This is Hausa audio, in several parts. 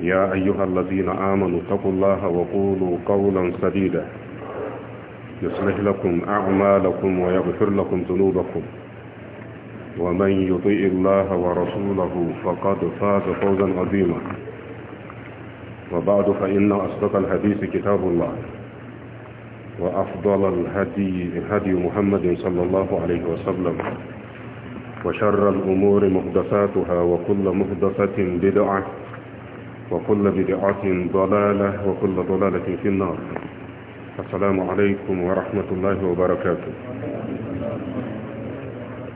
يا أيها الذين آمنوا اتقوا الله وقولوا قولا سديدا يصلح لكم أعمالكم ويغفر لكم ذنوبكم ومن يطيء الله ورسوله فقد فاز فوزا عظيما وبعد فإن أصدق الحديث كتاب الله وأفضل الهدي هدي محمد صلى الله عليه وسلم وشر الأمور محدثاتها وكل محدثة بدعة وكل بدعة ضلالة وكل ضلالة في النار السلام عليكم ورحمة الله وبركاته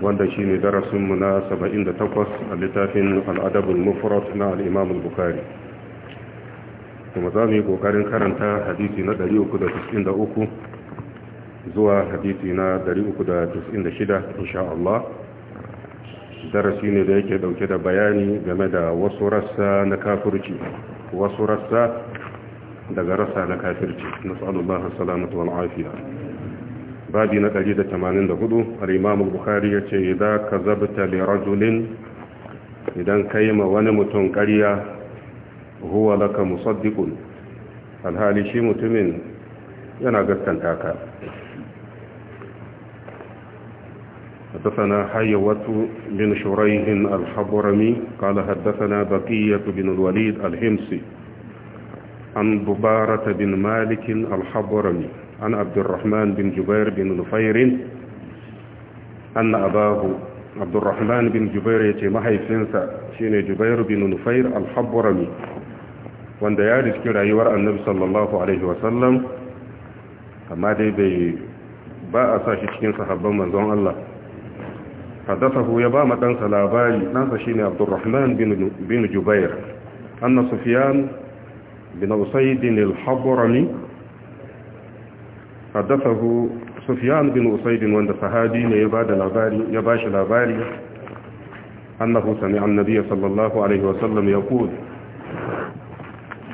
wanda shi ne darasinmu na 78 a littafin al'adabin mufarat na al'imam bukari kuma za mu yi ƙoƙarin karanta hadisi na 393 zuwa hadisi na 396 insha Allah darasi ne da yake dauke da bayani game da wasu rassa na kafirci wasu rassa daga rassa na kafirci nasallallahu salamatu wal afiya babi na 184 al-imam ya ce yace ka zabta li rajulin idan kai ma wani mutum ƙarya huwa laka musaddiqun alhali shi mutumin yana gaskanta ka حدثنا حيوة بن شريه الحبرمي قال حدثنا بقية بن الوليد الهمسي عن ببارة بن مالك الحبرمي عن عبد الرحمن بن جبير بن نفير أن أباه عبد الرحمن بن جبير يتمحي محيفنسا شين جبير بن نفير الحبرمي wanda ya riski يورا النبي صلى الله عليه وسلم dai دي بي a أساشي shi صحبه من manzon حدثه يبام تنسى لاباري ناسى شيني عبد الرحمن بن, بن جبير أن سفيان بن أسيد الحضرمي حدثه سفيان بن أسيد وند صحابي يباد لاباري يباش لاباري أنه سمع النبي صلى الله عليه وسلم يقول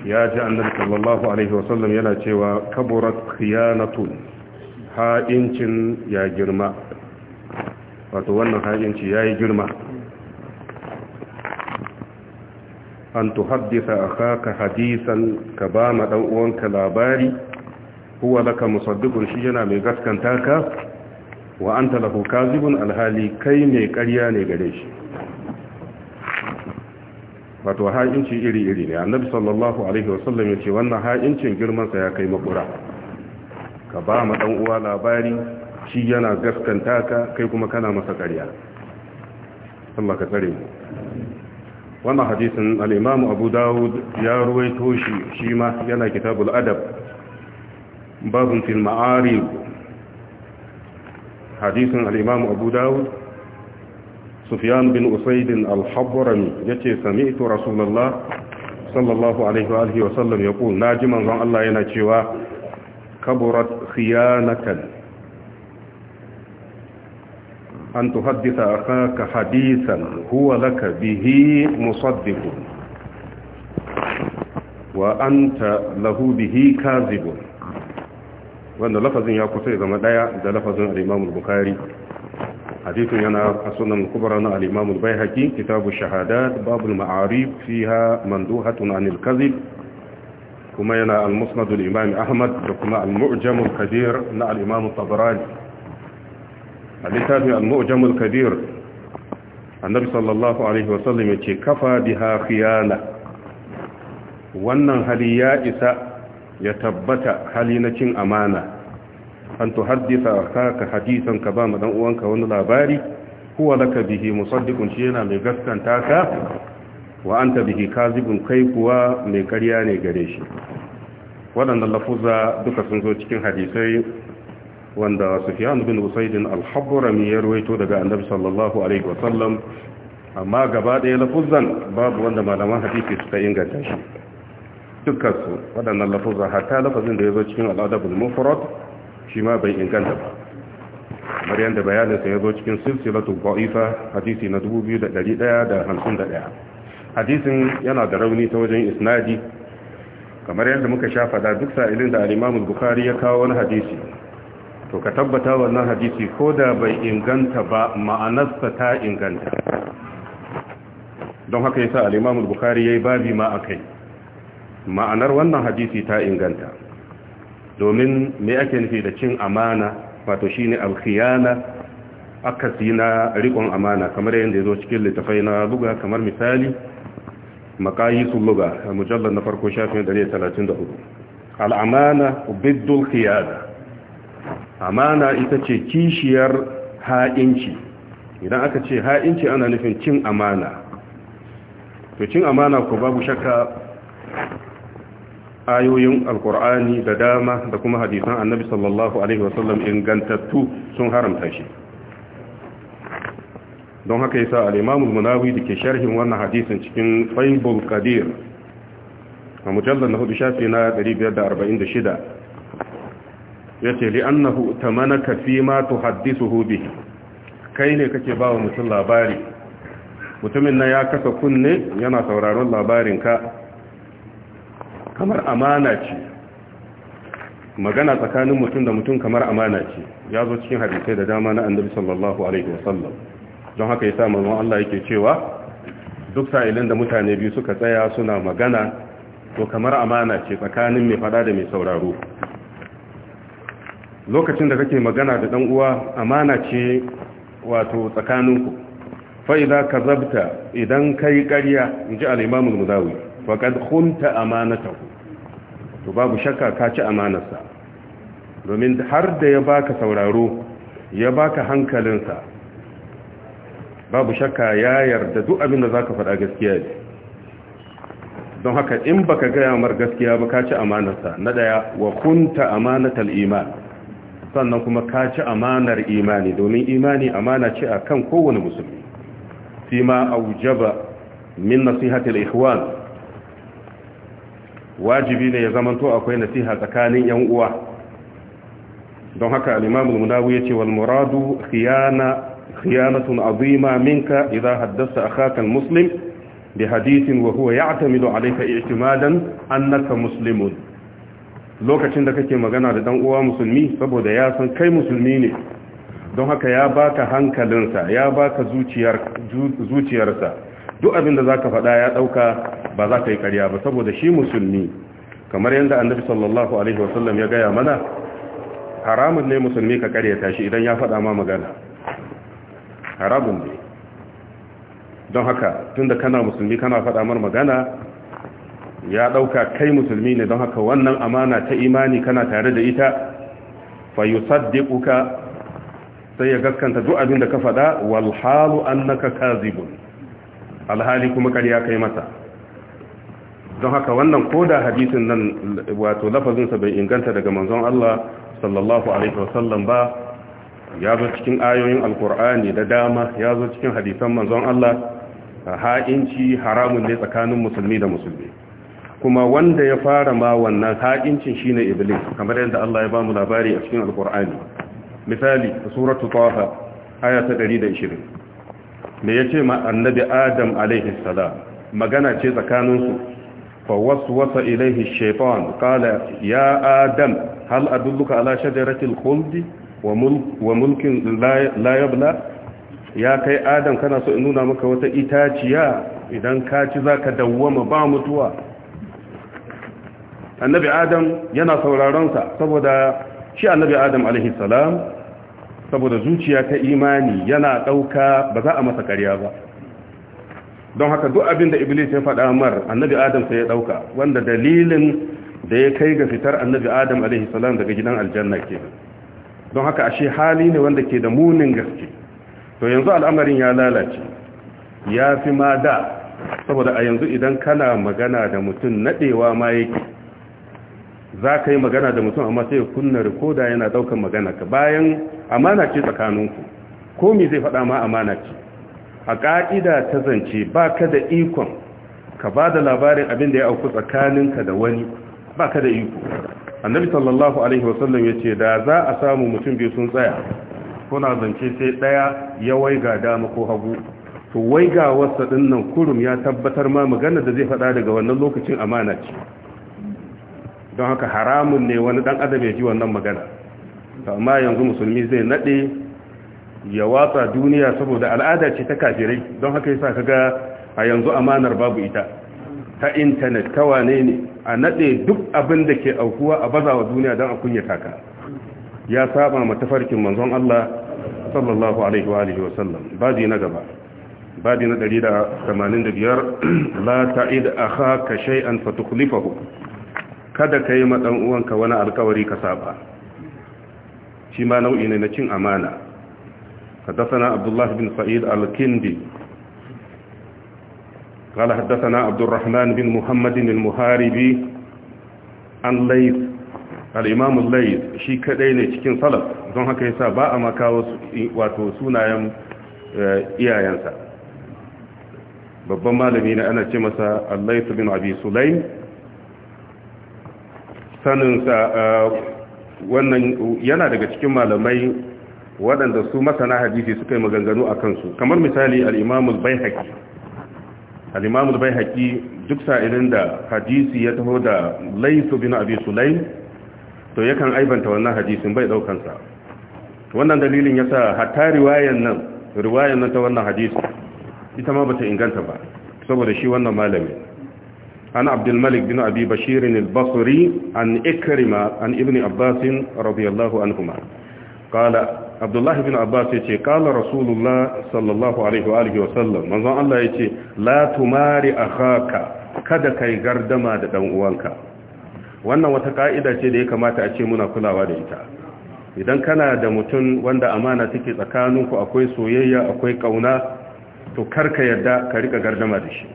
ya ji annabi sallallahu alaihi wasallam yana cewa kaburat khiyanatun ha'incin ya girma wato wannan hajjinci ya yi girma an tuhaddisa akaka hadisan ka ba ma dan uwanka labari huwa laka musaddiqun shi yana mai gaskanta ka wa anta lahu kazibun alhali kai mai ƙarya ne gare shi wato ha'inci iri-iri ne annabi sallallahu alaihi wasallam ya ce wannan ha'incin girmansa ya kai makura ka ba ma dan uwa labari shi yana gaskanta ka kai kuma kana masa ƙarya Allah ka tsare mu wannan hadisin al-Imam Abu Dawud ya ruwaito shi shi ma yana kitabul adab babun fil ma'arib hadisin al-Imam Abu Dawud Sufyan bin Usayd al-Habrami yace sami'tu Rasulullah sallallahu alaihi wa alihi wa sallam yaqul naji manzon Allah yana cewa kaburat khiyanatan أن تحدث أخاك حديثا هو لك به مصدق وأنت له به كاذب وأن لفظ يا إذا مدايا ده لفظ الإمام البخاري حديث ينا السنن الكبرى الإمام البيهقي كتاب الشهادات باب المعاريف فيها مندوحة عن الكذب كما ينا المسند الإمام أحمد كما المعجم الكبير مع الإمام الطبراني a littafin al-mu'jamul kabir annabi sallallahu alaihi wasallam ya ce kafa biha khiyana wannan hali ya isa ya tabbata hali na cin amana an tuhaddisa kaka hadisan ka ba mu dan uwanka wani labari huwa laka bihi musaddiqun shi yana mai gaskanta ka wa anta bihi kazibun kai kuwa mai ƙarya ne gare shi waɗannan lafuza duka sun zo cikin hadisai wanda sufyan bin usaidin al-habburami ya ruwaito daga annabi sallallahu alaihi wasallam amma gaba ɗaya lafuzan babu wanda malaman hadisi suka inganta shi dukkansu waɗannan lafuzan hatta lafazin da ya zo cikin al'adabul mufrad shi ma bai inganta ba kamar yadda bayaninsa ya zo cikin silsilatu ba'ifa hadisi na 2151 hadisin yana da rauni ta wajen isnadi kamar yadda muka sha faɗa duk sa'ilin da al-imam bukhari ya kawo wani hadisi to ka tabbata wannan hadisi ko da bai inganta ba ma'anarsa ta inganta don haka yasa al-Imam al-Bukhari yayi babi ma akai ma'anar wannan hadisi ta inganta domin me ake nufi da cin amana wato shine al-khiyana akasi na riƙon amana kamar yadda ya zo cikin littafai na buga kamar misali maqayisul luga mujallar na farko shafin 134 al-amana biddul khiyada amana ita ce kishiyar ha'inci idan aka ce ha'inci ana nufin cin amana to cin amana ko babu shakka ayoyin alkur'ani da dama da kuma hadisan annabi sallallahu alaihi wasallam ingantattu sun haramta shi don haka yasa al-imamul munawi dake sharhin wannan hadisin cikin faibul qadir a mujallal na hudu shafi na 546 yace li annahu tamanaka fi ma tuhaddithuhu bihi kai ne kake ba wa mutum labari mutumin nan ya kasa kunne yana sauraron labarinka kamar amana ce magana tsakanin mutum da mutum kamar amana ce ya zo cikin hadisai da dama na annabi sallallahu alaihi wasallam don haka yasa manzon Allah yake cewa duk sa'ilin da mutane biyu suka tsaya suna magana to kamar amana ce tsakanin mai fada da mai sauraro lokacin da kake magana da dan uwa amana ce wato tsakaninku fa idza kazabta idan kai ƙarya inji al-imam al-mudawi faqad khunta amanatahu to babu shakka ka ci amanarsa domin har da ya baka sauraro ya baka hankalinsa babu shakka ya yarda duk abin da zaka faɗa gaskiya ne don haka in baka gaya mar gaskiya ba ka ci amanarsa na ɗaya wa kunta amanatal iman sannan kuma ka ci amanar imani domin imani amana ce a kan kowane musulmi fi ma aujaba min nasihatul ikhwan wajibi ne ya zamanto akwai nasiha tsakanin yan uwa don haka al-imam al-munawi yace wal muradu khiyana khiyanatun azima minka idha haddatha akhaka al-muslim bi hadithin wa huwa ya'tamidu alayka i'timadan annaka muslimun lokacin da kake magana da dan uwa musulmi saboda ya san kai musulmi ne don haka ya baka hankalinsa ya baka zuciyar zuciyarsa duk abin da zaka faɗa ya dauka ba za ka yi ƙarya ba saboda shi musulmi kamar yadda annabi sallallahu alaihi wasallam ya gaya mana haramun ne musulmi ka karyata shi idan ya faɗa ma magana haramun ne don haka tunda kana musulmi kana faɗa mar magana ya ɗauka kai musulmi ne don haka wannan amana ta imani kana tare da ita uka sai ya gaskanta duk abin da ka faɗa wal annaka kazibun alhali kuma ƙarya kai masa don haka wannan koda hadisin nan wato lafazinsa bai inganta daga manzon Allah sallallahu alaihi wasallam ba ya zo cikin ayoyin Alkur'ani da dama ya zo cikin hadisan manzon Allah ha'inci haramun ne tsakanin musulmi da musulmi kuma wanda ya fara ma wannan haƙincin shine iblis kamar yadda Allah ya ba mu labari a cikin alkur'ani misali a suratu tawafa aya ta 120 me yace ma annabi adam alaihi salam magana ce tsakanin su fa waswasa ilaihi shaytan qala ya adam hal adulluka ala shajaratil khuldi wa mulkin la yabla ya kai adam kana so in nuna maka wata itaciya idan ka ci zaka dawwama ba mutuwa annabi adam yana sauraronsa saboda shi annabi adam alaihissalam saboda zuciya ta imani yana ɗauka ba za a masa ƙarya ba don haka duk abin da iblis ya faɗa mar annabi adam sai ya ɗauka wanda dalilin da ya kai ga fitar annabi adam alaihissalam daga gidan aljanna ke don haka ashe hali ne wanda ke da munin gaske to yanzu al'amarin ya lalace ya fi ma da saboda a yanzu idan kana magana da mutum naɗewa ma yake za ka yi magana da mutum amma sai kunna rikoda yana daukan magana ka bayan amana ce tsakaninku komi zai faɗa ma amana ce a ƙa'ida ta zance ba ka da ikon ka ba da labarin abin da ya auku tsakaninka da wani ba ka da iko annabi sallallahu alaihi wasallam ya ce da za a samu mutum biyu sun tsaya kuna zance sai ɗaya ya waiga dama ko hagu to waiga wasa ɗin nan kurum ya tabbatar ma magana da zai faɗa daga wannan lokacin amana ce don haka haramun ne wani dan adam ya ji wannan magana amma yanzu musulmi zai nade ya watsa duniya saboda al'ada ce ta kafirai don haka yasa kaga a yanzu amanar babu ita ta intanet kawane wane ne a nade duk abin da ke aukuwa a bazawa duniya don a kunyata ka ya saba ma tafarkin manzon Allah sallallahu alaihi wa alihi wa sallam baji na gaba baji na 185 la ta'id akhaka shay'an fatukhlifahu kada ka yi matsan uwanka wani alkawari ka saba shi ma nau'i ne na cin amana حدثنا عبد الله بن سعيد الكندي قال حدثنا bin Muhammadin بن محمد المهاربي عن ليث الإمام الليث شي cikin salaf don haka yasa ba a maka wato sunayen eh, iyayensa babban malami ne ana ce masa al bin Abi saninsa wannan yana daga cikin malamai waɗanda su masana hadisi suka yi maganganu a kansu kamar misali al'imamul bai haƙi al'imamul bai haƙi duk sa'ilin da hadisi ya taho da laifu bin abi lai to yakan aibanta wannan hadisin bai ɗaukansa wannan dalilin ya sa hatta riwayan nan riwayan nan ta wannan hadisi ita ma ba ta inganta ba saboda shi wannan malamin. عن عبد الملك بن أبي بشير البصري عن إكرمة عن ابن عباس رضي الله عنهما قال عبد الله بن عباس قال رسول الله صلى الله عليه وآله وسلم منظر الله يتي لا تماري أخاك kada kai gardama da dan uwanka wannan wata ka'ida ce da ya kamata a ce muna kulawa da ita idan kana da mutum wanda amana take tsakaninku akwai soyayya akwai kauna to karka yadda ka rika gardama da shi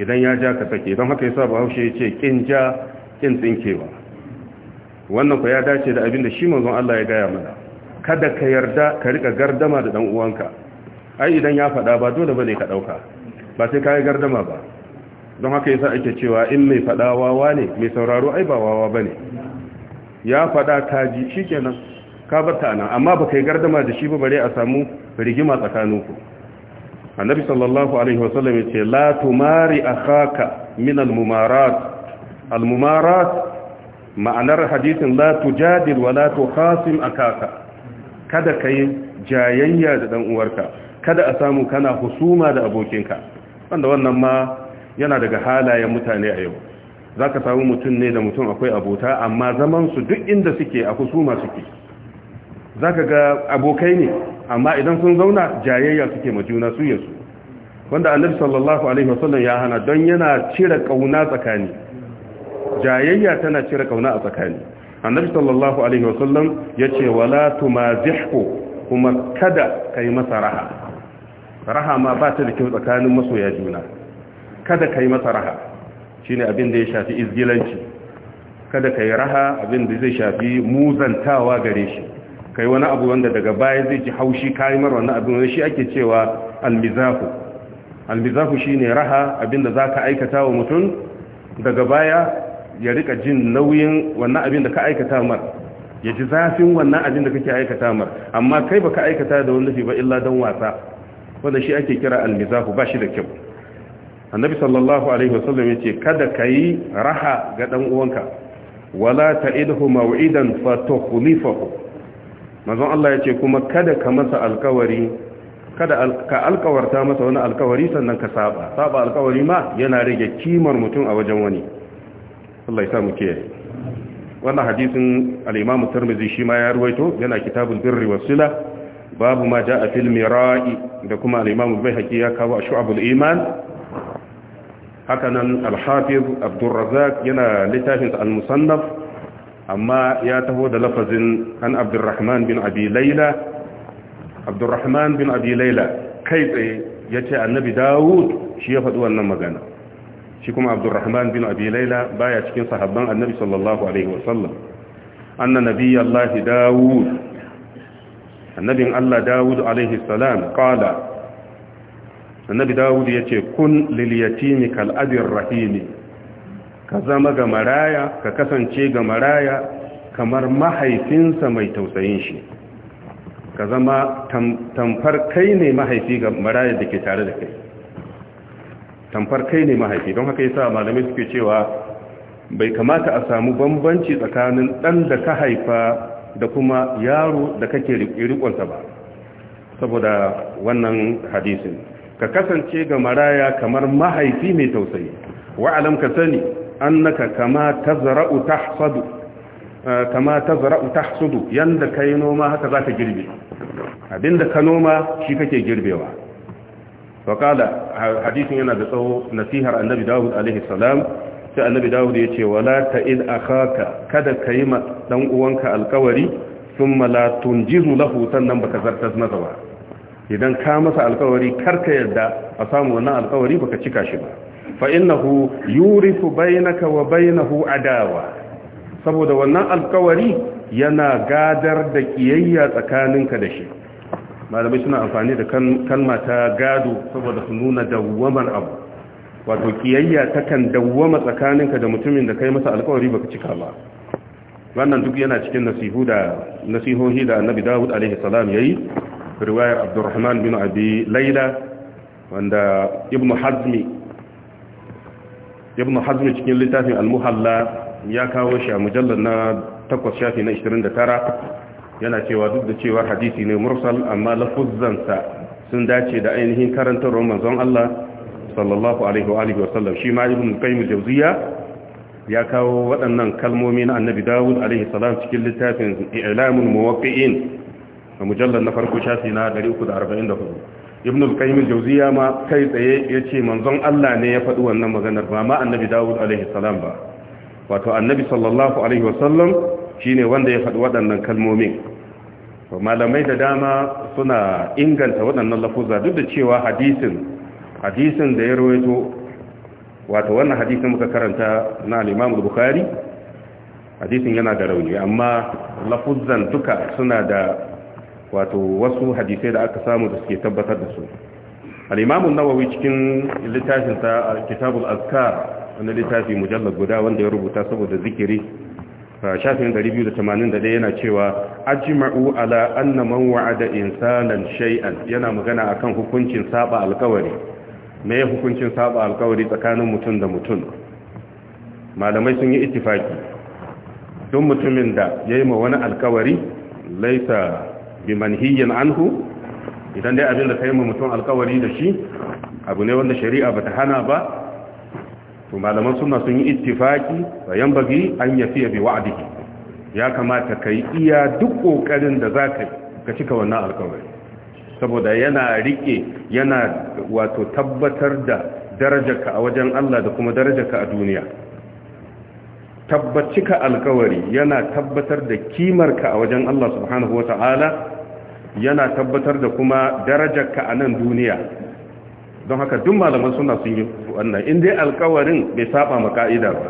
idan ya ja ka sake don haka yasa bahaushe ya ce kin ja kin tsinkewa wannan ku ya dace da abin da shi manzon Allah ya gaya mana kada ka yarda ka rika gardama da dan uwanka ai idan ya faɗa ba dole bane ka dauka ba sai ka yi gardama ba don haka yasa ake cewa in mai faɗa wawa ne mai sauraro ai ba wawa bane ya faɗa ka ji shikenan ka bar ta nan amma baka yi gardama da shi ba bare a samu rigima tsakaninku annabi sallallahu alaihi wasallam ya ce la tumari akhaka min almumarat. Almumarat ma'anar hadisin la tujadil wa la a akaka kada kai jayayya da dan uwarka kada a samu kana husuma da abokinka wanda wannan ma yana daga halayen mutane a yau zaka samu mutum ne da mutum akwai abota amma zaman su duk inda suke a husuma suke za ka ga abokai ne amma idan sun zauna jayayya suke ma juna su yasu wanda annabi sallallahu alaihi wasallam ya hana don yana cire kauna tsakani jayayya tana cire kauna a tsakani annabi sallallahu alaihi wasallam yace wala tumazihku kuma kada kai masa raha raha ma ba ta da kyau tsakanin masoya juna kada kai masa raha shine abin da ya shafi izgilanci kada kai raha abin da zai shafi muzantawa gare shi kai wani abu wanda daga baya zai ji haushi kayi wannan abin wani shi ake cewa almizahu almizahu ne raha abinda ka aikata wa mutum daga baya ya rika jin nauyin wannan abin da ka aikata mar ya ji zafin wannan abin da kake aikata mar amma kai baka aikata da wani ba illa don wasa wanda shi ake kira almizahu ba shi da kyau annabi sallallahu alaihi wasallam ce kada ka yi raha ga dan uwanka wala ta'idhu maw'idan fa tukhlifahu manzon Allah ya ce kuma kada ka masa alkawari kada ka alkawarta masa wani alkawari sannan ka saba saba alkawari ma yana rage kimar mutum a wajen wani Allah ya sa mu kiyaye wannan hadisin al-Imam Tirmidhi shi ma ya ruwaito yana kitabul birri wasila babu ma jaa fil mira'i da kuma al-Imam Baihaqi ya kawo a shu'abul iman hakanan al-Hafiz yana littafin al-Musannaf amma ya taho da lafazin an abdurrahman bin abi laila abdurrahman bin abi laila kai tsaye ya ce annabi dawud shi ya faɗi wannan magana shi kuma abdurrahman bin abi laila baya cikin sahabban annabi sallallahu alaihi wasallam anna nabiyallahi dawud annabin allah dawud alaihi salam kala annabi dawud ce kun lil yatimi kal adir rahimi ka zama ga maraya ka kasance ga maraya kamar mahaifinsa mai tausayin shi ka zama tamfar kai ne mahaifi ga maraya da ke tare da kai tamfar kai ne mahaifi don haka yasa malamai suke cewa bai kamata a samu bambanci tsakanin dan da ka haifa da kuma yaro da kake rikonsa ba saboda wannan hadisin ka kasance ga maraya kamar mahaifi mai tausayi wa'alam ka sani annaka kama tazra'u tahsadu eh, kama tazra'u tahsudu yanda kai noma haka zaka girbe abinda ka noma shi kake girbewa fa kala hadisin yana da tsawo nasihar annabi dawud alaihi salam sai annabi dawud ya ce wala ta'id akhaka kada kai ma dan uwanka alkawari thumma la tunjizu lahu sannan baka zartas masa ba idan ka masa alkawari karka yarda a samu wannan alkawari baka cika shi ba fa innahu yurifu bainaka wa bainahu adawa saboda wannan alkawari yana gadar da kiyayya tsakaninka da shi malamai suna amfani da kalma ta gado saboda su nuna dawwamar abu wato kiyayya takan dawwama tsakaninka da mutumin da kai masa alkawari baka cika ba wannan duk yana cikin nasihu da nasihohi da annabi dawud alaihi salam yayi riwayar abdurrahman bin abi laila wanda ibnu hazmi ibn hazm cikin littafin al-muhalla ya kawo shi a mujallar na takwas shafi na 29 yana cewa duk da cewar hadisi ne mursal amma lafuzzansa sun dace da ainihin karantarwar manzon Allah sallallahu alaihi wa alihi wasallam shi ma ibn qayyim jawziya ya kawo waɗannan kalmomi na annabi dawud alaihi salam cikin littafin i'lamul muwaqqi'in a mujallar na farko shafi na 344 ibn al-qayyim al-jawziya ma kai tsaye yace manzon Allah ne ya faɗi wannan maganar ba ma annabi Dawud alaihi salam ba wato annabi sallallahu alaihi wasallam shine wanda ya faɗi waɗannan to malamai da dama suna inganta waɗannan lafuza duk da cewa hadisin hadisin da ya rawaito wato wannan hadisin muka karanta na al-Imam al-Bukhari hadisin yana da rauni amma lafuzan duka suna da wato wasu hadisai da aka samu da suke tabbatar da su al-imam an-nawawi cikin littafin sa kitabul azkar wannan littafi mujallad guda wanda ya rubuta saboda zikiri shafin 281 yana cewa ajma'u ala anna man wa'ada insanan shay'an yana magana akan hukuncin saba alkawari me hukuncin saba alkawari tsakanin mutum da mutum malamai sun yi ittifaki don mutumin da yayi yi ma wani alkawari laisa bi manhiyin anhu idan dai abin da kai mu mutum alkawari da shi abu ne wanda shari'a bata hana ba to malaman suna sun yi ittifaki yan yambagi an yafiya bi wa'dihi ya kamata yi iya duk kokarin da za ka cika wannan alkawari saboda yana rike yana wato tabbatar da darajarka a wajen Allah da kuma darajarka a duniya tabbaci ka alkawari yana tabbatar da kimarka a wajen Allah subhanahu wa ta'ala yana tabbatar da kuma darajarka a nan duniya don haka duk malaman suna sun yi wannan dai alkawarin bai saba ma ka'ida ba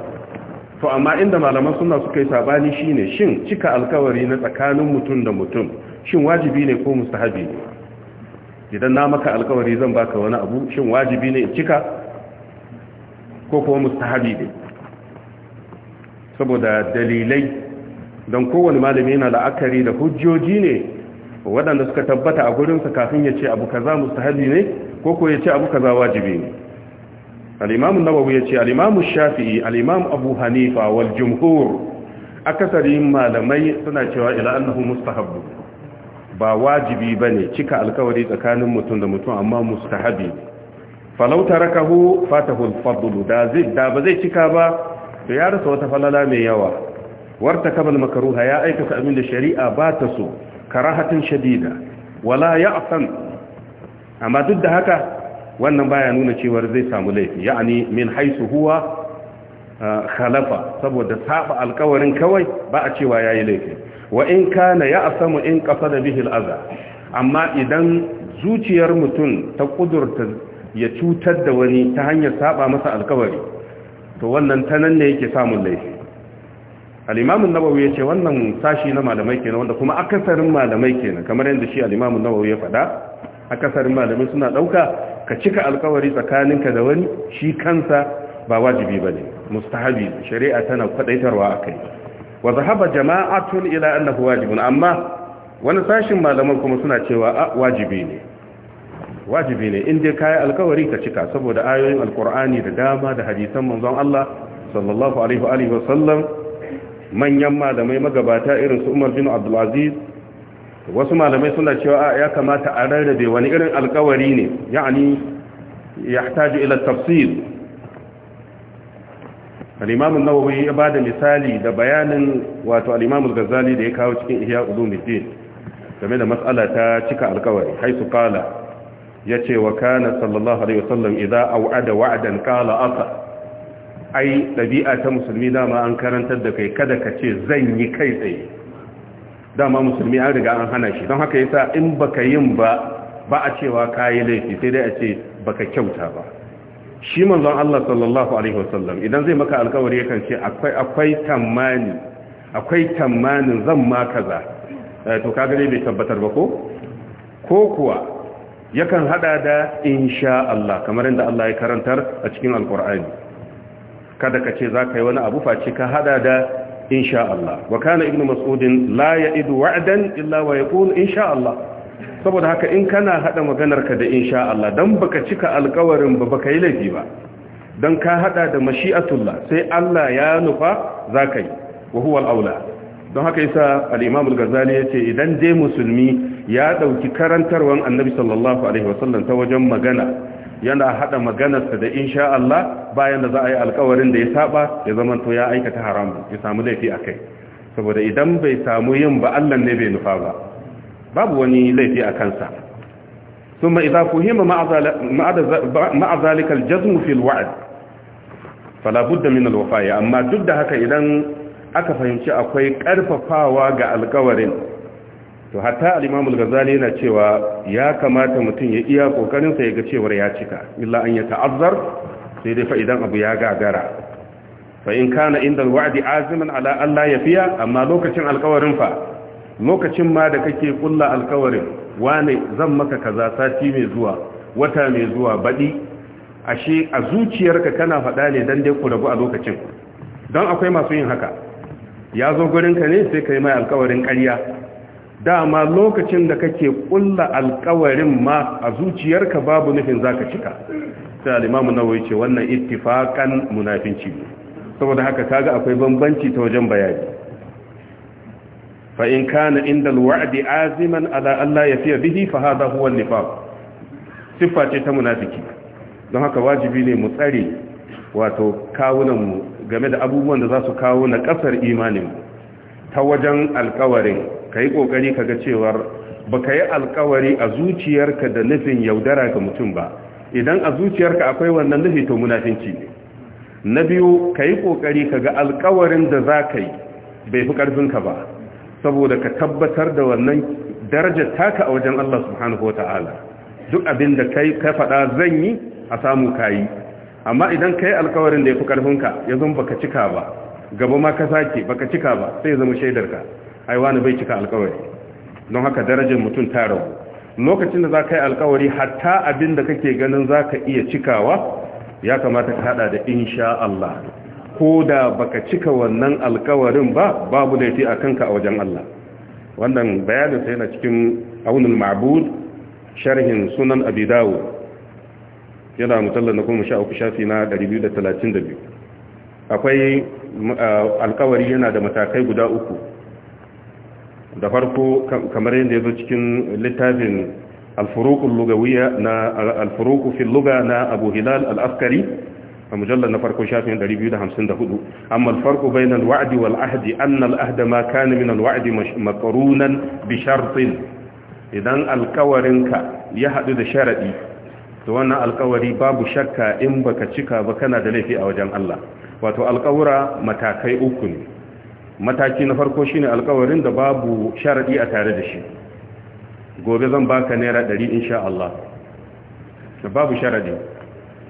to amma inda malaman suna suka yi sabani shine shin cika alkawari na tsakanin mutum da mutum shin wajibi ne ko mustahabi ne idan na maka alkawari zan baka wani abu shin wajibi ne in cika ko kuma mustahabi ne saboda dalilai don kowane malami yana la'akari da hujjoji ne waɗanda suka tabbata a gurinsa kafin ya ce abu kaza mustahabi ne ko ko ya ce abu kaza wajibi ne alimamun imam ya ce alimamun shafi'i alimamun abu hanifa wal jumhur akasarin malamai suna cewa ila annahu mustahabbu ba wajibi ba ne cika alkawari tsakanin mutum da mutum amma mustahabi falau tarakahu fatahu al da ba zai cika ba to ya rasa wata falala mai yawa warta kabal makaruha ya aikata abin da shari'a ba ta so karahatin shadida wala ya'san amma duk da haka wannan baya nuna cewar zai samu laifi ya'ani min haisu huwa uh, khalafa saboda saba alkawarin kawai ba a cewa yayi laifi wa in kana ya'samu in qasada bihi al'aza amma idan zuciyar mutum ta kudurta ya cutar da wani ta hanyar saba masa alkawari to wannan tanan ne yake samun laifi al'imamun nawawi ya ce wannan sashi na malamai kenan wanda kuma akasarin malamai kenan kamar yadda shi an nawawi ya faɗa akasarin malamai suna ɗauka ka cika alkawari tsakaninka da wani shi kansa ba wajibi bane mustahabi shari'a tana faɗaitarwa a kai wa zahaba jama'atun ila annahu wajibun amma wani sashin malamai kuma suna cewa a wajibi ne wajibi ne in dai kai alkawari ka cika saboda ayoyin alkur'ani da dama da hadisan manzon Allah sallallahu alaihi wa alihi wasallam manyan malamai magabata irin su Umar bin Abdul Aziz wasu malamai suna cewa ya kamata a rarrabe wani irin alkawari ne ya'ani yahtaju ila tafsil al-imam an-nawawi ya bada misali da bayanin wato al-imam al-ghazali da ya kawo cikin ihya ulumuddin game da mas'ala ta cika alkawari haisu qala ce wa kana sallallahu alaihi wasallam idza au'ada wa'dan qala asa ai dabi'a ta musulmi dama an karantar da kai kada ka ce zan yi kai tsaye dama musulmi an riga an hana shi don haka yasa in baka yin ba ba a cewa kayi laifi sai dai a ce baka kyauta ba shi manzon Allah sallallahu alaihi wasallam idan zai maka alkawari yakan ce akwai akwai tamani akwai tamanin zan ma kaza eh, to kaga ne bai tabbatar ba ko ko kuwa yakan hada da insha Allah kamar inda Allah ya karantar a cikin alkur'ani kada ka ce za ka yi wani abu face ka hada da insha Allah wa kana ibnu mas'udin la ya'idu wa'dan illa wa yaqul insha Allah saboda haka in kana hada maganar ka da insha Allah dan baka cika alkawarin ba baka yi laifi ba dan ka hada da mashi'atullah sai Allah ya nufa za ka yi wa huwa al-aula don haka yasa al-Imam al-Ghazali yace idan dai musulmi ya dauki karantarwan Annabi sallallahu alaihi wasallam ta wajen magana yana hada maganarsa da insha Allah bayan da za a yi alƙawarin da ya saba ya zama to ya aikata haramu ya samu laifi akai saboda idan bai samu yin ba Allah ne bai nufa ba babu wani laifi a kansa ثم إذا فهم مع ذلك الجزم في الوعد فلا بد من الوفاء aka fahimci akwai ƙarfafawa ga alkawarin to hatta al-imamul ghazali yana cewa ya kamata mutum ya iya kokarin ya ga cewa ya cika illa an ya ta'azzar sai dai fa idan abu ya gagara fa in kana inda wa'adi wadi aziman ala Allah yafiya amma lokacin alkawarin fa lokacin ma da kake kulla alkawarin wane zan maka kaza sati mai zuwa wata mai zuwa baɗi ashe a zuciyarka kana faɗa ne dan dai ku rabu a lokacin don akwai masu yin haka ya zo gurinka ne sai ka yi mai alkawarin ƙarya dama lokacin da kake kulla alkawarin ma a zuciyarka babu nufin za ka cika sai alimamu na ya wannan ittifakan munafinci ne saboda haka kaga akwai bambanci ta wajen bayani fa in kana inda alwa'di aziman ala Allah yafiya bihi fa hadha huwa an-nifaq ta munafiki don haka wajibi ne mu tsare wato kawunan mu game da abubuwan da za su kawo na ƙasar mu. ta wajen alkawarin ka yi ƙoƙari ka ga cewar ba ka yi alkawari a zuciyarka da nufin yaudara ga mutum ba idan a zuciyarka akwai wannan nufi to munafinci ne na biyu ka yi ƙoƙari ka ga alkawarin da za ka yi bai fi ƙarfinka ba saboda ka tabbatar da wannan darajar taka a wajen Allah subhanahu wa ta'ala duk abin da ka faɗa zan yi a samu kayi amma idan kai alkawarin da ya fi ƙarfinka ya zama baka cika ba gaba ma ka sake baka cika ba sai ya zama shaidarka ai wani bai cika alkawari don haka darajar mutum ta rabu lokacin da za ka yi alkawari hatta abin da kake ganin za ka iya cikawa ya kamata ka hada da insha Allah ko da baka cika wannan alkawarin ba babu laifi a kanka a wajen Allah wannan bayanin sai yana cikin aunin ma'bud sharhin sunan abi dawud yana mutallar na goma sha uku shafi na 232 akwai alkawari yana da matakai guda uku da farko kamar yadda ya zo cikin littafin alfurukun lugawiya na alfuruku fil luga na abu hilal al'afkari a mujallar na farko shafin 254 amma alfarku bayan alwa'adi wal ahdi an al'ahda ma kana min alwa'adi makarunan bi shartin idan alkawarinka ya haɗu da sharaɗi to wannan alkawari babu shakka in baka cika ba kana da laifi a wajen Allah wato alkawura matakai uku ne mataki na farko shine alkawarin da babu sharadi a tare da shi gobe zan baka naira 100 insha Allah babu sharadi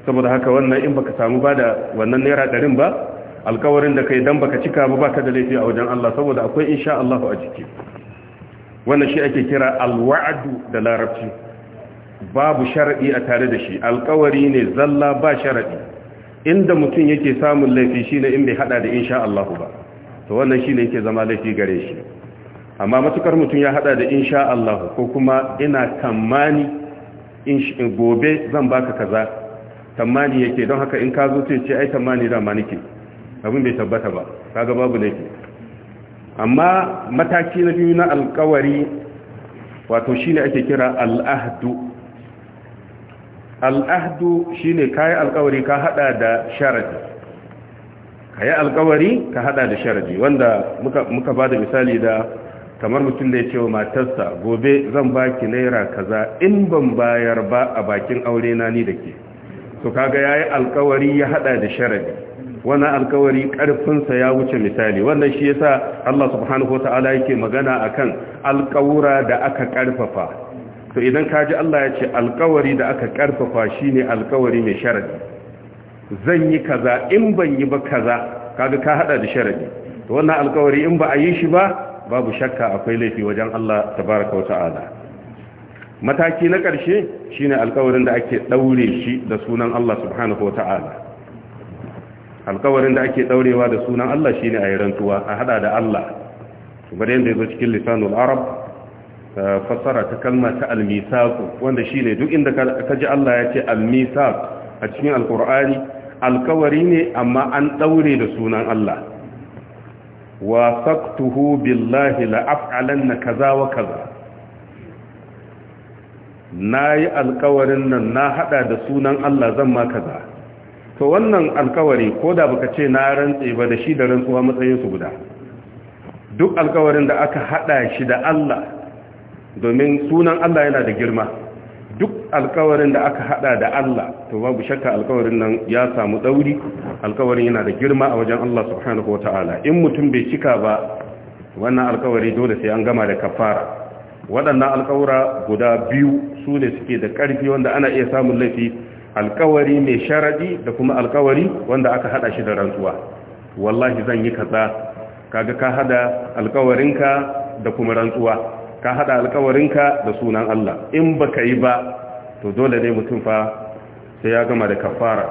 saboda haka wannan in baka samu bada wannan naira 100 ba alkawarin da kai dan baka cika ba baka da laifi a wajen Allah saboda akwai insha Allah a jiki wannan shi ake kira alwa'du da larabci babu shar'i a tare da shi alkawari ne zalla ba shar'i inda mutum yake samun laifi shine in bai hada da insha Allah ba to wannan shine yake zama laifi gare shi amma matukar mutum ya hada da insha Allah ko kuma ina tamani in gobe zan baka kaza tamani yake don haka in ka zo sai ce ai tamani da ma nake abin bai tabbata ba kaga babu laifi amma mataki na biyu na alkawari wato shine ake kira al'ahdu al'ahdu shine kayi alkawari ka hada da sharadi kayi alkawari ka hada da sharadi wanda muka muka bada misali da kamar mutum da ya ce wa matarsa gobe zan baki naira kaza in ban bayar ba a bakin aure na ni dake to kaga yayi alkawari ya hada da sharadi wannan alkawari karfinsa ya wuce misali wannan shi yasa Allah subhanahu wataala yake magana akan alkawura da aka karfafa to idan ka ji Allah ya ce alkawari da aka karfafa shi ne alkawari mai sharadi zan yi kaza in ban yi ba kaza kaga ka hada da sharadi to wannan alkawari in ba a yi shi ba babu shakka akwai laifi wajen Allah tabaraka wa ta'ala mataki na ƙarshe ne alkawarin da ake daure shi da sunan Allah subhanahu wa ta'ala alkawarin da ake ɗaurewa da sunan Allah ne a yi rantuwa a hada da Allah kamar yadda ya zo cikin lisanul arab fassara ta kalma ta almisaku wanda ne duk inda ka ji Allah ya ce almisak a cikin alkur'ani alkawari ne amma an daure da sunan Allah wa saqtuhu billahi la af'alanna kaza wa kaza yi alkawarin nan na haɗa da sunan Allah zan ma kaza to wannan alkawari da baka ce na rantse ba da shi da rantsuwa matsayin su guda duk alkawarin da aka haɗa shi da Allah domin sunan Allah yana da girma duk alkawarin da aka hada da Allah to babu shakka alkawarin nan ya samu dauri alkawarin yana da girma a wajen Allah subhanahu wataala in mutum bai cika ba wannan alkawari dole sai an gama da kafara waɗannan alkawura guda biyu su ne suke da ƙarfi wanda ana iya samun laifi alkawari mai sharadi da kuma alkawari wanda aka hada shi da rantsuwa wallahi zan yi kaza kaga ka hada alkawarinka da kuma rantsuwa ka hada ka da sunan Allah in baka yi ba to dole ne mutum fa sai ya gama da kafara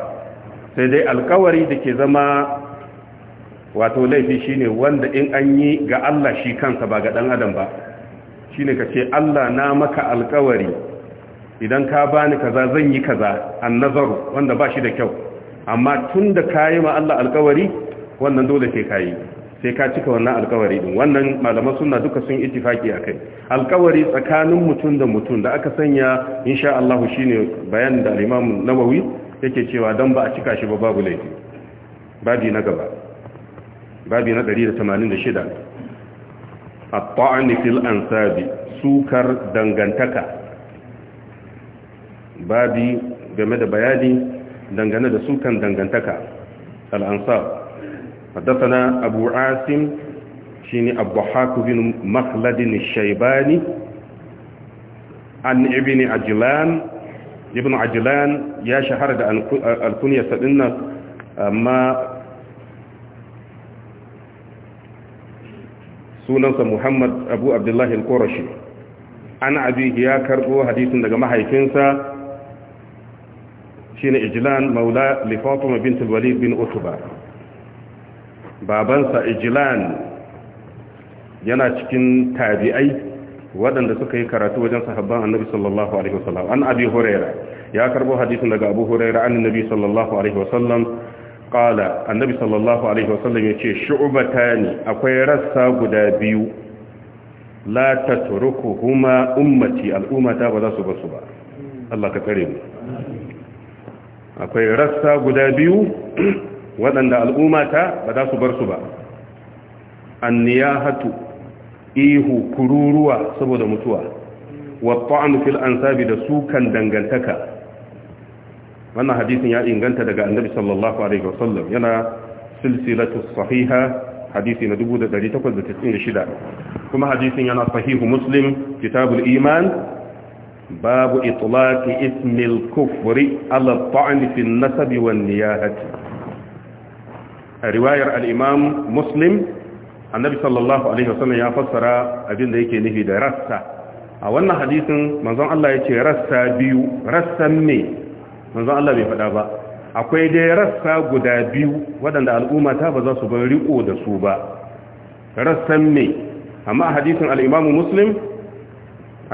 sai dai alkawari da ke zama wato laifi shine wanda in an yi ga Allah shi kansa ba ga dan adam ba shine ka ce Allah na maka alkawari idan ka bani kaza zan yi kaza annazaru wanda ba shi da kyau amma tunda kayi ma Allah alkawari wannan dole sai kayi sai ka cika wannan alkawari din wannan malaman sunna duka sun ittifaki akai alkawari tsakanin mutum da mutum da aka sanya insha Allah shine bayanin da al-Imam Nawawi yake cewa dan ba a cika shi ba babu laifi babi na gaba babi na 186 at-ta'an fil ansabi sukar dangantaka babi game da bayani dangane da sukan dangantaka al-ansab حدثنا أبو عاصم شيني الضحاك بن مخلد الشيباني عن ابن عجلان ابن عجلان يا شهر الكنية سدنا ما sunansa Muhammad Abu Abdullahi al an abihi ya karbo hadisin daga mahaifinsa shine Ijlan maula li Fatima bint al-Walid bin Utba babansa ijilan yana cikin tabi'ai waɗanda suka yi karatu wajen sahabban annabi sallallahu alaihi wasallam an abi huraira ya karbo hadisin daga abu huraira an annabi sallallahu alaihi wasallam qala annabi sallallahu alaihi wasallam yace shu'batani akwai rassa guda biyu la tatrukuhuma ummati al'ummata ba za su basu ba Allah ka kare mu akwai rassa guda biyu waɗanda al'ummata ba za su bar su ba anniyahatu ihu kururuwa saboda mutuwa wa fil ansabi da sukan dangantaka wannan hadisin ya inganta daga annabi sallallahu alaihi wasallam yana silsilatu sahiha hadisi na 1896 kuma hadisin yana sahihu muslim kitabul iman babu itlaqi ismil kufri ala ta'ani fil nasabi wan niyahati riwayar al'imam imam muslim annabi sallallahu alaihi wasallam ya fassara abin da yake nufi da rassa a wannan hadisin manzon Allah ya ce rassa biyu rassan ne manzon Allah bai faɗa ba akwai dai rassa guda biyu waɗanda al'umma ta ba za su bar riko da su ba rassan ne amma a hadisin al-imam muslim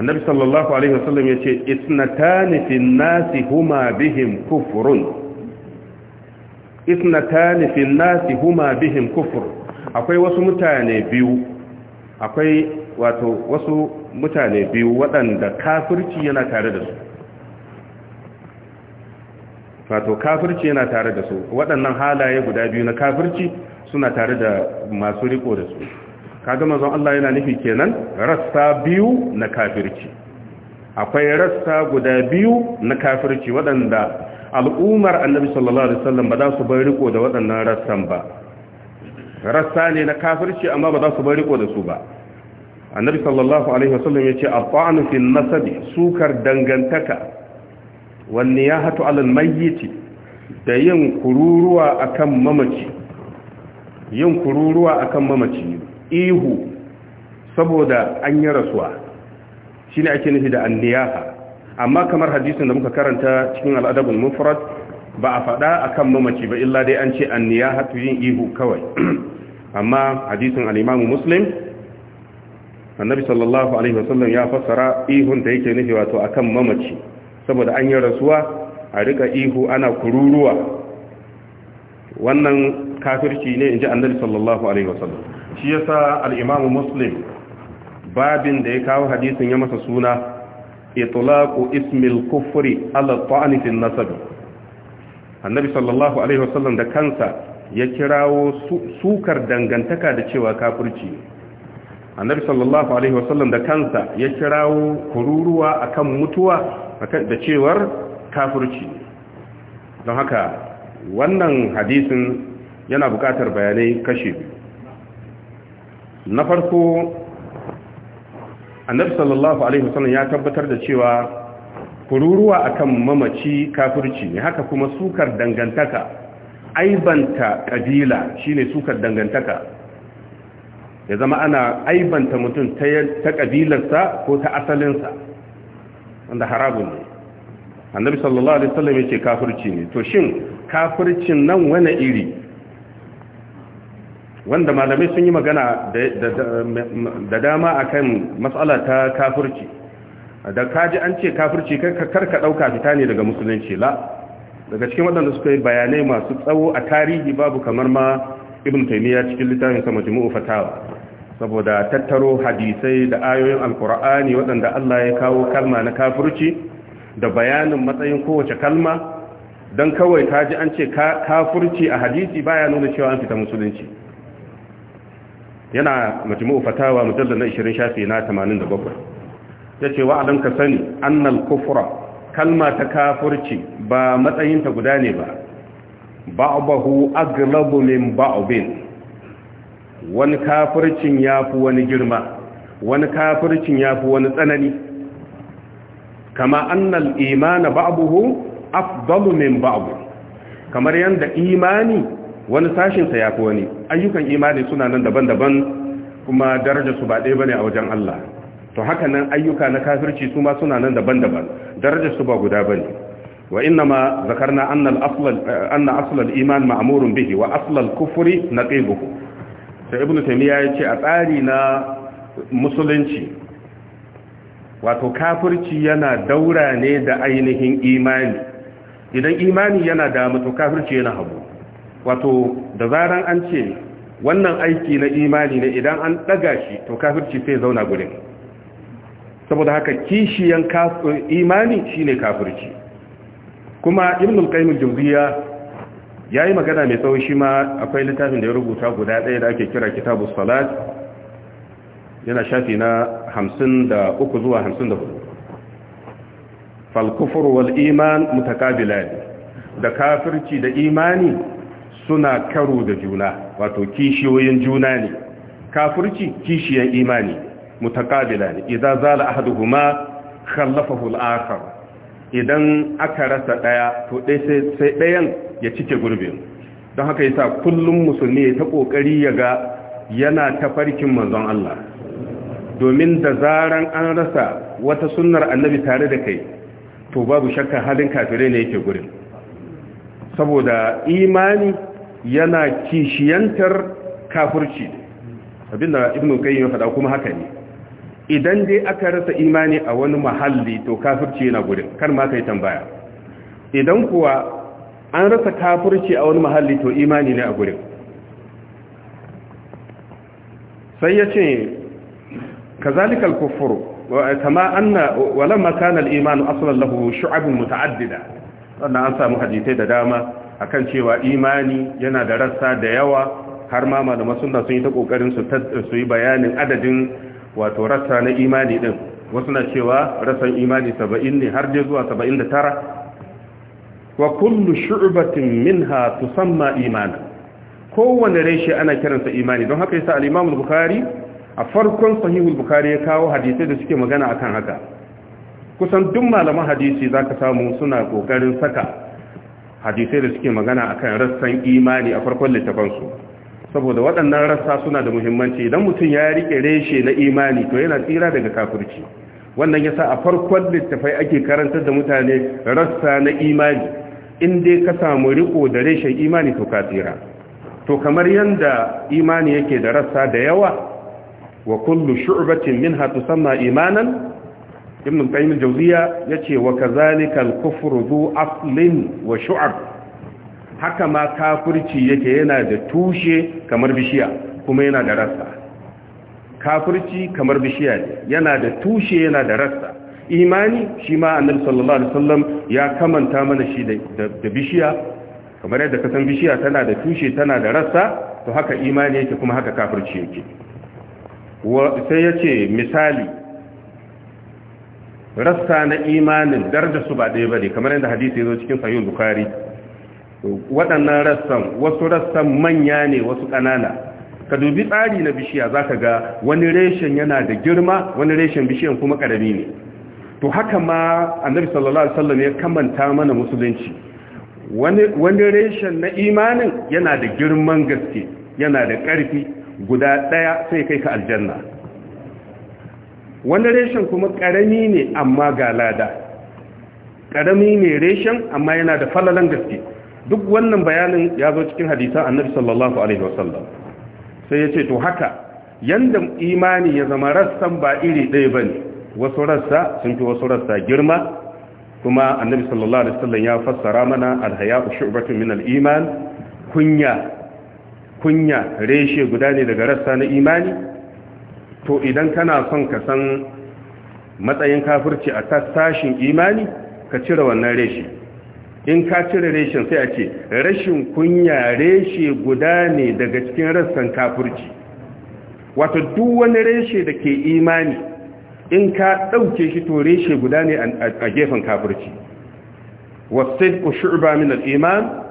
annabi sallallahu alaihi wasallam ya ce isnatani fi nasi huma bihim kufrun Isna tani fil nasi huma bihim kufur akwai wasu mutane biyu akwai wato wasu mutane biyu waɗanda kafirci yana tare da su wato kafirci yana tare da su waɗannan halaye guda biyu na kafirci suna tare da masu riko da su kaga manzon Allah yana nufi kenan rassa biyu na kafirci akwai rassa guda biyu na kafirci waɗanda al'ummar annabi sallallahu alaihi wasallam ba za su bar riko da waɗannan rassan ba rassa ne na kafirci amma ba za su bar riko da su ba annabi sallallahu alaihi wasallam yace ce tanu fi nasabi sukar dangantaka wan niyahatu 'ala al-mayyit da yin kururuwa akan mamaci yin kururuwa akan mamaci ihu saboda an yi rasuwa shine ake nufi da anniyaha niyaha amma kamar hadisin da muka karanta cikin al'adabin mufrat ba a faɗa kan mamaci ba illa dai an ce hatu yin ihu kawai amma hadisin al'imamu Muslim annabi sallallahu alaihi wasallam ya fassara ihun da yake nufi wato a kan mamaci saboda an yi rasuwa a rika ihu ana kururuwa wannan kafirci ne in ji annabi sallallahu alaihi wasallam shi yasa al-Imam Muslim babin da ya kawo hadisin ya masa suna itlaqu ismil kufri ala ta'ani fil nasab annabi sallallahu alaihi wasallam da kansa ya kirawo sukar dangantaka da cewa kafirci annabi sallallahu alaihi wasallam da kansa ya kirawo kururuwa akan mutuwa da cewar kafirci don haka wannan hadisin yana bukatar bayanai kashe na farko annabi sallallahu alaihi wasallam ya tabbatar da cewa kururuwa akan mamaci kafirci ne haka kuma sukar dangantaka aibanta kabila shine sukar dangantaka ya zama ana aibanta mutum ta kabilarsa ko ta asalinsa wanda harabun ne annabi sallallahu alaihi wasallam ce kafirci ne to shin kafircin nan wani iri wanda malamai sun yi magana da dama a kan matsala ta kafirci da kaji an ce kafirci karka ɗauka fita ne daga musulunci la daga cikin waɗanda suka yi bayanai masu tsawo a tarihi babu kamar ma ibn taimiyya cikin littafin sa majmu'u fatawa saboda tattaro hadisai da ayoyin alkur'ani waɗanda Allah ya kawo kalma na kafirci da bayanin matsayin kowace kalma don kawai kaji an ce kafirci a hadisi baya nuna cewa an fita musulunci yana majmu'u fatawa mujallal na 20 shafi na 87 yace wa alam ka sani annal kufra kalma ta kafirci ba matsayin ta guda ne ba ba'dahu aglabu min ba'din wani kafircin yafi wani girma wani kafircin yafi wani tsanani kama annal imana ba'dahu afdalu min ba'd kamar yanda imani wani sashinsa ya fi wani ayyukan imani suna nan daban-daban kuma darajarsu ba ɗaya ba ne a wajen Allah to haka nan ayyuka na kafirci su ma suna nan daban-daban darajarsu ba guda ba ne wa inna ma na anna aslal iman ma'amurin bihi wa aslal kufuri na ƙebuhu sai ibn taimiyya ya ce a tsari na musulunci wato kafirci yana daura ne da ainihin imani idan imani yana da mutu kafirci yana hagu wato da zaran an ce wannan aiki na imani ne idan an daga shi to kafirci sai zauna gurin saboda haka kishiyan imani shine kafirci kuma ibn al-qayyim al-jawziya yayi magana mai tsawo shi ma akwai littafin da ya rubuta guda ɗaya da ake kira kitabus salat yana shafi na 53 zuwa 54 fal kufru wal iman mutaqabilan da kafirci da imani suna karo da juna wato kishiyoyin juna ne kafirci kishiyan imani mutakabila ne idan zala ahaduhuma khallafahu al-akhar idan aka rasa daya to dai sai sai dayan ya cike gurbin don haka yasa kullum musulmi ta kokari ya ga yana tafarkin manzon Allah domin da zaran an rasa wata sunnar annabi tare da kai to babu shakka halin kafirai ne yake gurin saboda imani yana kishiyantar kafurci abinda ibn qayyim ya faɗa kuma haka ne idan dai aka rasa imani a wani mahalli to kafurci yana gurin kar ma kai tambaya idan kuwa an rasa kafurci a wani mahalli to imani ne a gurin sai ya ce kazalikal kufur kama anna walamma kana al-iman aslan lahu shu'abun muta'addida wannan an samu hadisai da dama akan cewa imani yana da rassa da yawa har ma malama sunna sun yi ta kokarin su yi bayanin adadin wato rassa na imani din wasu na cewa rassan imani 70 ne har dai zuwa 79 wa kullu shu'batin minha tusamma imana kowanne reshe ana kiransa imani don haka yasa al-Imam al-Bukhari a farkon sahihul bukhari ya kawo hadisai da suke magana akan haka kusan duk malaman hadisi zaka samu suna kokarin saka hadisai da suke magana akan rassan imani a farkon littafansu saboda waɗannan rassa suna da muhimmanci idan mutum ya rike reshe na imani to yana tsira daga kafirci wannan yasa a farkon littafai ake karantar da mutane rassa na imani in dai ka samu riko da reshen imani to ka tsira to kamar yadda imani yake da rassa da yawa wa kullu shu'batin minha tusamma imanan ibn qayyim al-jawziya yace wa kazalika al-kufru dhu aslin wa shu'ab haka ma kafirci yake yana da tushe kamar bishiya kuma yana da rassa kafirci kamar bishiya ne yana da tushe yana da rassa imani shi ma annabi sallallahu alaihi wasallam ya kamanta mana shi da bishiya kamar yadda ka bishiya tana da tushe tana da rassa to haka imani yake kuma haka kafirci yake Wa sai yace misali rasta na imanin darajar su ba ɗaya bane kamar yadda hadisi ya zo cikin sahih bukhari waɗannan rassan wasu rassan manya ne wasu ƙanana ka dubi tsari na bishiya zaka ga wani reshen yana da girma wani reshen bishiyan kuma ƙarami ne to haka ma annabi sallallahu alaihi wasallam ya kamanta mana musulunci wani reshen na imanin yana da girman gaske yana da ƙarfi guda ɗaya sai kai ka aljanna wani reshen kuma ƙarami ne amma ga lada ƙarami ne reshen amma yana da falalan gaske duk wannan bayanin ya zo cikin hadisan annabi sallallahu alaihi wasallam sai ya ce to haka yanda imani ya zama rassan ba iri ɗaya ba ne wasu rassa sun fi wasu rassa girma kuma annabi sallallahu alaihi wasallam ya fassara mana alhaya'u shu'batun min al-iman kunya reshe guda ne daga rassa na imani to idan kana son ka san matsayin kafirci a tasashin imani ka cire wannan reshe. in ka cire reshen sai a ce rashin kunya reshe guda ne daga cikin rassan kafirci wato duk wani reshe da ke imani in ka ɗauke shi to reshe guda ne a gefen kafirci wasu ku shu'ba min al-iman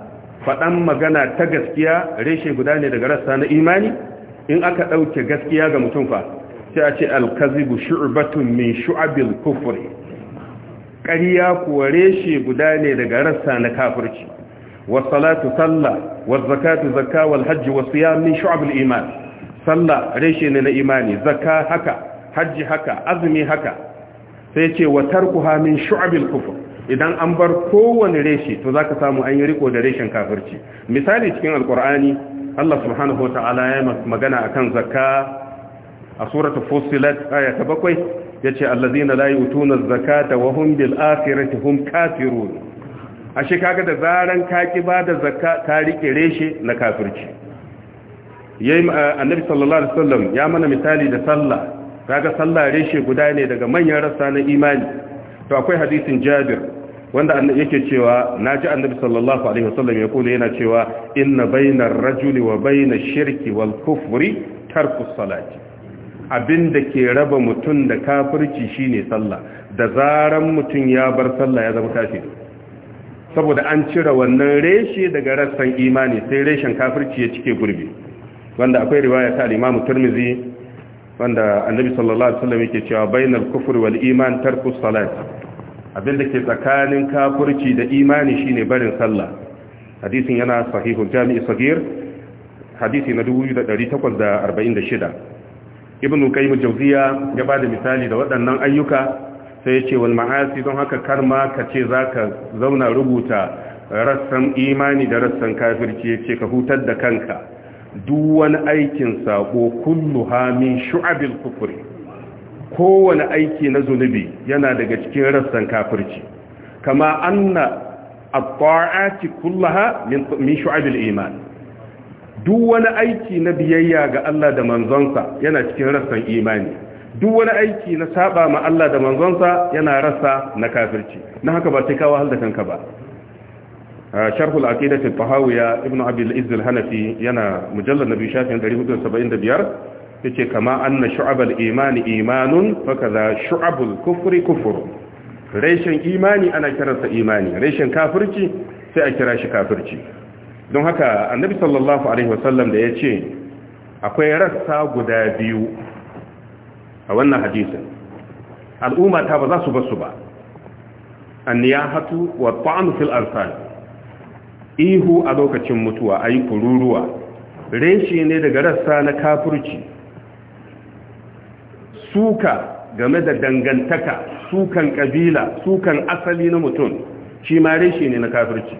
faɗan magana ta gaskiya reshe guda ne daga rassa na imani in aka ɗauke gaskiya ga mutum fa sai a ce alkazibu shu'batun min shu'abil kufri ƙarya kuwa reshe guda ne daga rassa na kafirci wa salatu sallah wa zakatu zakka wal hajji wa siyam min shu'abil iman salla reshe ne na imani zakka haka hajji haka azumi haka sai ce wa tarkuha min shu'abil kufr idan an bar kowane reshe to zaka samu an yi riko da reshen kafirci misali cikin alqur'ani Allah subhanahu wa ta'ala ya magana akan zakka a surata fusilat aya ta bakwai yace ce allazina la yutuna zakata wa hum bil akhirati hum kafirun ashe kaga da zaran ka ki ba da zakka ka rike reshe na kafirci yayi annabi sallallahu alaihi wasallam ya mana misali da sallah kaga sallah reshe guda ne daga manyan rassa na imani to akwai hadisin Jabir wanda yake cewa naji annabi sallallahu alaihi wasallam ya kula yana cewa inna bainar rajuli wa bainash shirki wal kufri tarku salati abin da ke raba mutum da kafirci shine sallah da zaran mutum ya bar sallah ya zama kafiri saboda an cire wannan reshe daga rassan imani sai reshen kafirci ya cike gurbi wanda akwai riwaya ta al-Imam Tirmidhi wanda Annabi sallallahu alaihi wasallam yake cewa bainal kufri wal iman tarku salat abin da ke tsakanin kafirci da imani shine barin sallah hadisin yana sahihul jami'i sagir hadisi na 2846 ibn mu jawziya ya bada misali da waɗannan ayyuka sai yace wal ma'asi don haka karma za zaka zauna rubuta rassan imani da rassan kafirci yace ka hutar da kanka duk wani aikin sako kulluha min shu'abil kufr kowane aiki na zunubi yana daga cikin rassan kafirci kama anna at-ta'ati kullaha min shu'abil iman duk wani aiki na biyayya ga Allah da manzonsa yana cikin rassan imani duk wani aiki na saba ma Allah da manzonsa yana rasa na kafirci na haka ba sai kawo wahal da kanka ba sharh al-aqidah al-tahawiyya ibn abi al-izz al-hanafi yana mujallal nabi shafin 475 yace kama anna shu'ab al-iman imanun fakaza shu'ab al-kufri kufr reshen imani ana kiransa imani reshen kafirci sai a kira shi kafirci don haka annabi sallallahu alaihi wasallam da ya ce akwai rassa guda biyu a wannan hadisin al'umma ta ba za su basu ba anniyahatu wa ta'amu fil arsal ihu a lokacin mutuwa ayi kururuwa Reshe ne daga rassa na kafirci suka game da dangantaka sukan kabila sukan asali na mutum shi ma reshi ne na kafirci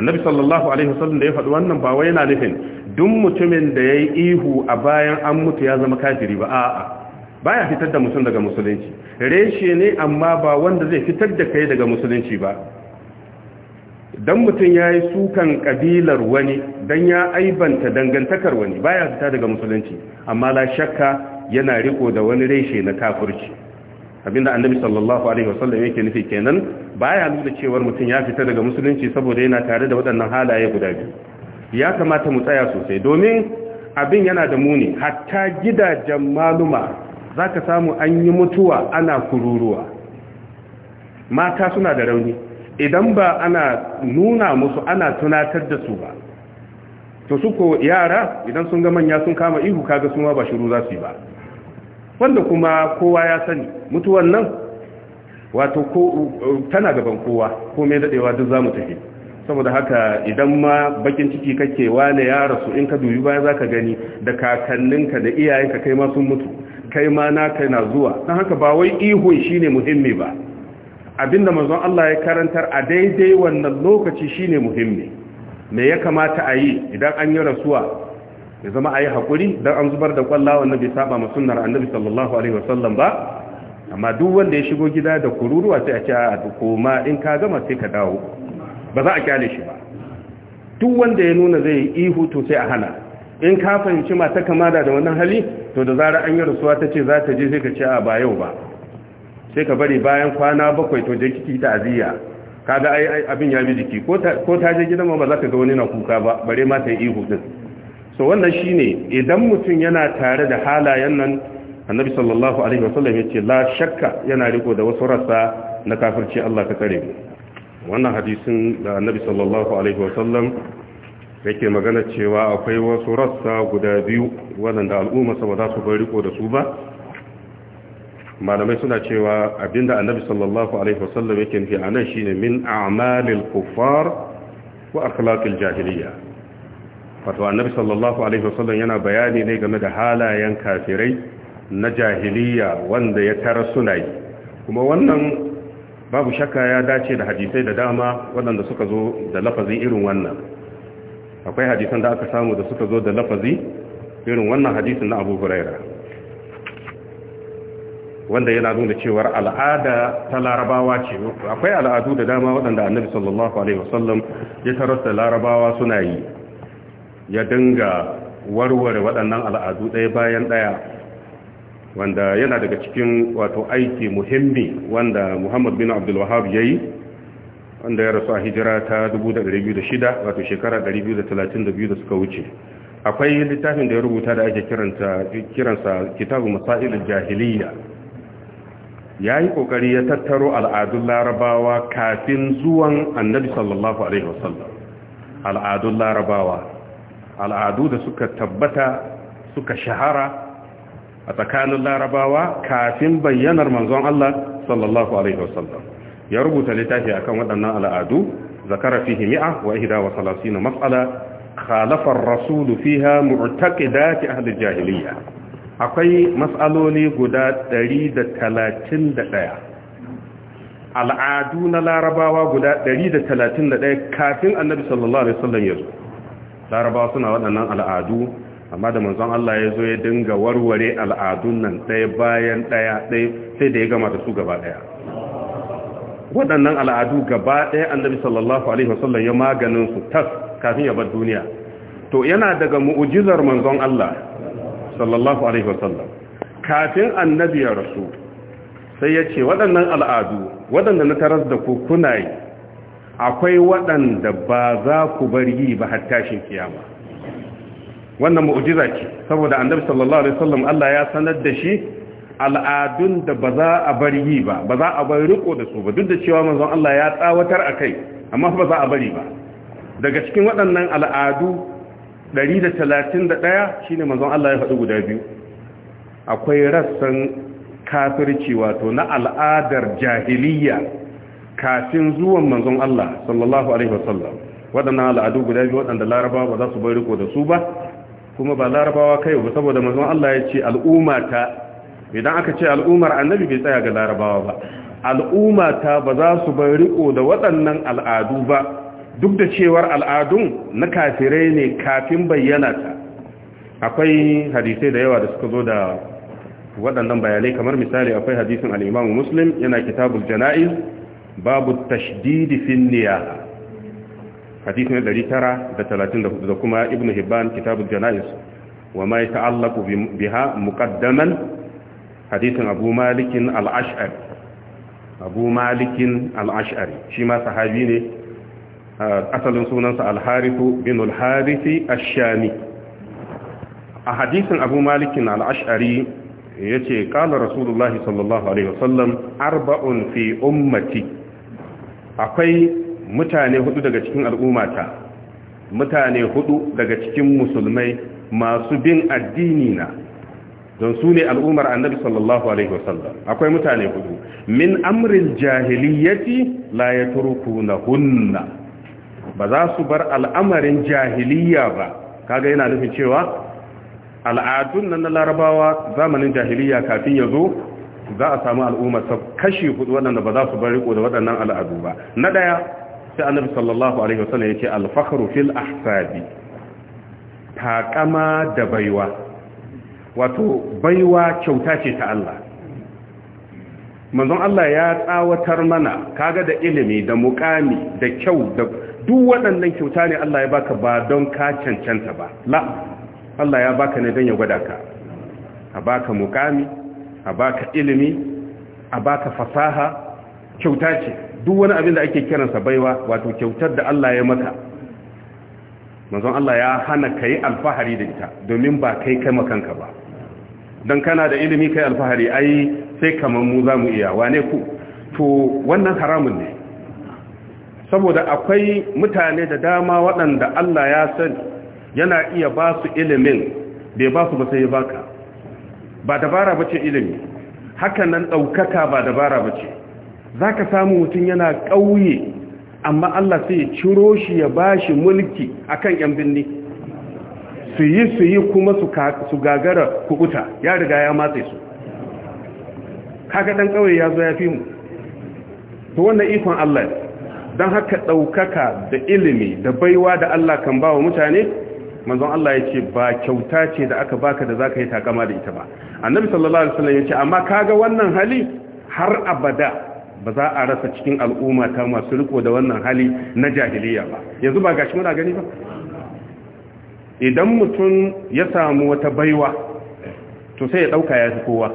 annabi sallallahu alaihi wasallam da ya faɗi wannan ba wai yana nufin duk mutumin da yayi ihu a bayan an mutu ya zama kafiri ba a'a baya fitar da mutum daga musulunci reshe ne amma ba wanda zai fitar da kai daga musulunci ba dan mutum yayi sukan kabilar wani dan ya aibanta dangantakar wani baya fita daga musulunci amma la shakka yana riko da wani reshe na kafirci abinda annabi sallallahu alaihi wasallam yake nufi kenan baya nuna cewar mutum ya fita daga musulunci saboda yana tare da waɗannan halaye guda biyu ya kamata mu tsaya sosai domin abin yana da muni hatta gidajen maluma zaka samu an yi mutuwa ana kururuwa mata suna da rauni idan ba ana nuna musu ana tunatar da su ba to su ko yara idan sun ga manya sun kama ihu kaga su ma ba shiru za su yi ba wanda kuma kowa ya sani mutuwan nan wato tana gaban kowa komai dadewa duk zamu tafi saboda haka idan ma bakin ciki kake wane ya rasu in ka dubi baya zaka gani da kakanninka da iyayenka kai ma sun mutu kai ma naka na zuwa dan haka ba wai ihun shine muhimmi ba abinda manzon Allah ya karantar a daidai wannan lokaci shine muhimmi me ya kamata a yi idan an yi rasuwa ya zama a yi haƙuri don an zubar da ƙwallawa wannan bai saba ma sunnar annabi sallallahu alaihi wasallam ba amma duk wanda ya shigo gida da kururuwa sai a ce a koma in ka gama sai ka dawo ba za a kyale shi ba duk wanda ya nuna zai yi ihu to sai a hana in ka fahimci mata kamada da wannan hali to da zarar an yi rasuwa ta ce za ta je sai ka ce a ba yau ba sai ka bari bayan kwana bakwai to je kiki ta aziya kaga ai abin ya bi jiki ko ta je gidan ma ba za ka ga wani na kuka ba bare ma ta yi ihu din so wannan shine idan mutum yana tare da halayen nan annabi sallallahu alaihi wasallam yace la shakka yana riko da wasu rassa na kafirci Allah ka tsare mu wannan hadisin da annabi sallallahu alaihi wasallam yake magana cewa akwai wasu rassa guda biyu waɗanda al'umma sama za su bar riko da su ba malamai suna cewa abinda annabi sallallahu alaihi wasallam yake nufi anan shine min a'malil kuffar wa akhlaqil jahiliya wato annabi sallallahu alaihi wasallam yana bayani ne game da halayen kafirai na jahiliya wanda ya tara suna yi kuma wannan babu shakka ya dace da hadisai da dama waɗanda suka zo da lafazi irin wannan akwai hadisan da aka samu da suka zo da lafazi irin wannan hadisin na abu huraira wanda yana nuna cewar al'ada ta larabawa ce akwai al'adu da dama waɗanda annabi sallallahu alaihi wasallam ya tarar da larabawa suna yi ya dinga warware waɗannan al'adu ɗaya bayan ɗaya wanda yana daga cikin wato aiki muhimmi wanda muhammad bin abdulwahab ya yi wanda ya rasu a hijira ta 2006 wato shekara 232 da suka wuce akwai littafin da ya rubuta da ake kiransa kitabu masailul jahiliya ya yi kokari ya tattaro al'adun larabawa kafin zuwan annabi sallallahu alaihi wasallam al'adun larabawa al'adu da suka tabbata suka shahara a tsakanin larabawa kafin bayyanar manzon Allah sallallahu alaihi wasallam ya rubuta littafi akan waɗannan al'adu zakara fihi mi'a wa ihda wa salasina mas'ala khalafa ar-rasul fiha mu'taqidat ahli jahiliya akwai mas'aloli guda 131 al'adu na larabawa guda 131 kafin annabi sallallahu alaihi wasallam ya zo larabawa suna waɗannan al'adu amma da manzon Allah ya zo ya dinga warware al'adun nan ɗaya bayan ɗaya ɗaya sai da ya gama da su gaba ɗaya waɗannan al'adu gaba ɗaya annabi sallallahu alaihi wasallam ya maganin su tas kafin ya bar duniya to yana daga mu'ujizar manzon Allah sallallahu alaihi wasallam kafin annabi ya rasu sai ya ce waɗannan al'adu waɗanda na taras da kukunai. akwai waɗanda ba za ku bar yi ba har kiyama wannan mu'jiza ce saboda annabi sallallahu alaihi wasallam Allah ya sanar da shi al'adun da ba za a bar yi ba ba za a bar riko da su ba duk da cewa manzon Allah ya tsawatar akai amma ba za a bari ba daga cikin waɗannan al'adu 131 shine manzon Allah ya faɗi guda biyu akwai rassan kafirci wato na al'adar jahiliyya kafin zuwan manzon Allah sallallahu alaihi wasallam waɗannan al'adu guda biyu waɗanda larabawa ba za su bai riko da su ba kuma ba larabawa kai ba saboda manzon Allah ya ce al'umma ta idan aka ce al'ummar annabi bai tsaya ga larabawa ba al'umma ta ba za su bai riko da waɗannan al'adu ba duk da cewar al'adun na kafirai ne kafin bayyana ta akwai hadisai da yawa da suka zo da waɗannan bayanai kamar misali akwai hadisin al-Imam muslim yana kitabul jana'iz babu tashdidi fin niyaha hadisi na 934 da kuma ibn hibban kitabul janaiz wa ma yata'allaqu biha muqaddaman hadisin abu malikin al-ash'ari abu malikin al-ash'ari shi ma sahabi ne asalin sunansa al-harithu bin al-harithi ash-shami a hadisin abu malikin al-ash'ari yace qala rasulullahi sallallahu alaihi wasallam arba'un fi ummati akwai mutane hudu daga cikin al'ummata mutane hudu daga cikin musulmai masu bin addini na don su ne al'ummar annabi sallallahu alaihi wasallam akwai mutane hudu min amril jahiliyyati la yatrukuna hunna ba za su bar al'amarin jahiliya ba kaga yana nufin cewa al'adun nan na larabawa zamanin jahiliya kafin ya zo za a samu al'ummar ta kashi hudu waɗanda ba za su bar riko da waɗannan al'adu ba na ɗaya, sai annabi sallallahu alaihi wasallam yace al-fakhru fil ahsabi taqama da baiwa wato baiwa kyauta ce ta Allah manzon Allah ya tsawatar mana kaga da ilimi da mukami, da kyau da duk waɗannan kyauta ne Allah ya baka ba don ka cancanta ba la Allah ya baka ne don ya gwada ka a baka mukami. a baka ilimi a baka fasaha kyauta ce duk wani abin da ake kiransa baiwa wato kyautar da Allah ya maka manzon Allah ya hana kai alfahari da ita domin ba kai kai makanka ba dan kana da ilimi kai alfahari ai sai kamar mu zamu iya wane ku to wannan haramun ne saboda akwai mutane da dama waɗanda Allah ya sani yana iya ba su ilimin bai ba su ba sai ya baka ba dabara bace ilimi hakan nan ɗaukaka ba dabara bace zaka samu mutum yana ƙauye amma Allah sai ya ciro shi ya bashi mulki akan ‘yan binni su yi su yi kuma su gagara kukuta ya riga ya matse su kaga ɗan ƙauye ya zo ya fi mu to wannan ikon Allah don haka ɗaukaka da ilimi da baiwa da Allah kan ba wa mutane manzon Allah ya ba kyauta ce da aka baka da zaka yi takama da ita ba annabi sallallahu alaihi wasallam yace amma kaga wannan hali har abada ba za a rasa cikin al'umma ta masu riko da wannan hali na jahiliya ba yanzu ba gashi muna gani ba idan mutum ya samu wata baiwa to sai ya dauka ya fi kowa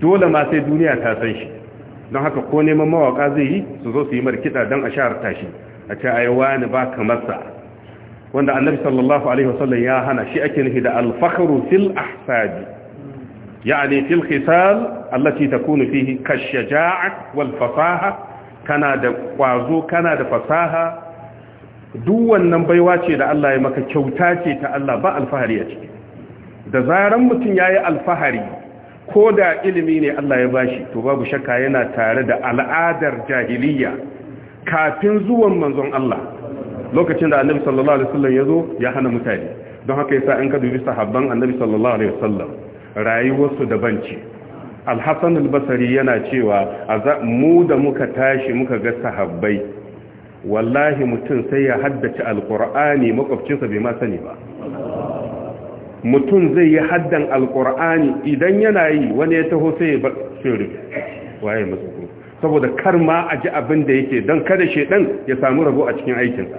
dole ma sai duniya ta san shi don haka ko neman mawaka zai yi su zo su yi markida don a shahar tashi a ce ayyawa wani ba kamar sa wanda annabi sallallahu alaihi wasallam ya hana shi ake nufi da al-fakhru fil ahsab yani fil khisal allati takunu fihi kashaja'a wal fasaha kana da kwazo kana da fasaha duk wannan baiwa ce da Allah ya maka kyauta ce ta Allah ba alfahari a ciki da zaran mutum yayi alfahari ko da ilimi ne Allah ya bashi to babu shakka yana tare da al'adar jahiliya kafin zuwan manzon Allah lokacin da annabi sallallahu alaihi wasallam ya ya hana mutane don haka yasa in ka dubi sahabban annabi sallallahu alaihi wasallam rayuwarsu daban ce al-hasan al-basri yana cewa mu da muka tashi muka ga sahabbai wallahi mutum sai ya haddace al alqur'ani makwabcinsa bai ma sani ba mutum zai yi haddan al al-qur'ani idan yana yi wani ya taho sai ya ba shirin waye mutum saboda kar ma a ji abin da yake don kada shaidan ya samu rabo a cikin aikinsa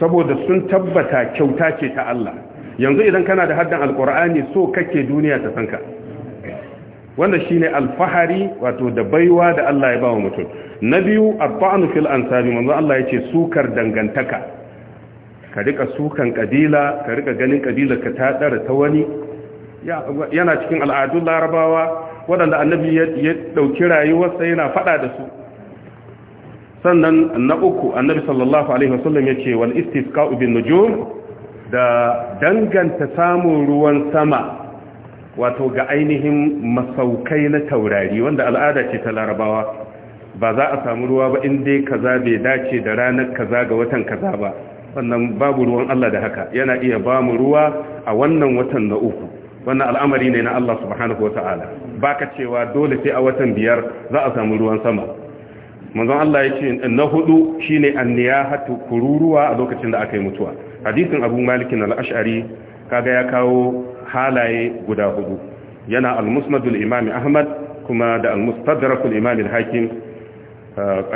saboda sun tabbata kyauta ce ta Allah yanzu idan kana da haddan alkur'ani so kake duniya ta sanka wanda shine alfahari wato da baiwa da Allah ya bawa mutum na biyu abba'anu fil ansabi manzo Allah yace sukar dangantaka ka rika sukan kabila ka rika ganin kabila ka ta ta wani yana cikin al'adun larabawa waɗanda annabi ya ɗauki rayuwarsa yana faɗa da su sannan na uku annabi sallallahu alaihi wasallam ya ce wal istisqa'u bin nujum da danganta samun ruwan sama wato ga ainihin masaukai na taurari wanda al'ada ce ta larabawa ba za a samu ruwa ba in dai kaza bai dace da ranar kaza ga watan kaza ba wannan babu ruwan Allah da haka yana iya bamu ruwa a wannan watan na uku wannan al'amari ne na Allah subhanahu wata'ala baka cewa dole sai a watan biyar za a samu ruwan sama manzon Allah ya ce na hudu shine anniyahatu kururuwa a lokacin da aka yi mutuwa hadisin Abu malikin al-Ash'ari kaga ya kawo halaye guda hudu yana al-Musnad al-Imam Ahmad kuma da al-Mustadrak al-Imam al-Hakim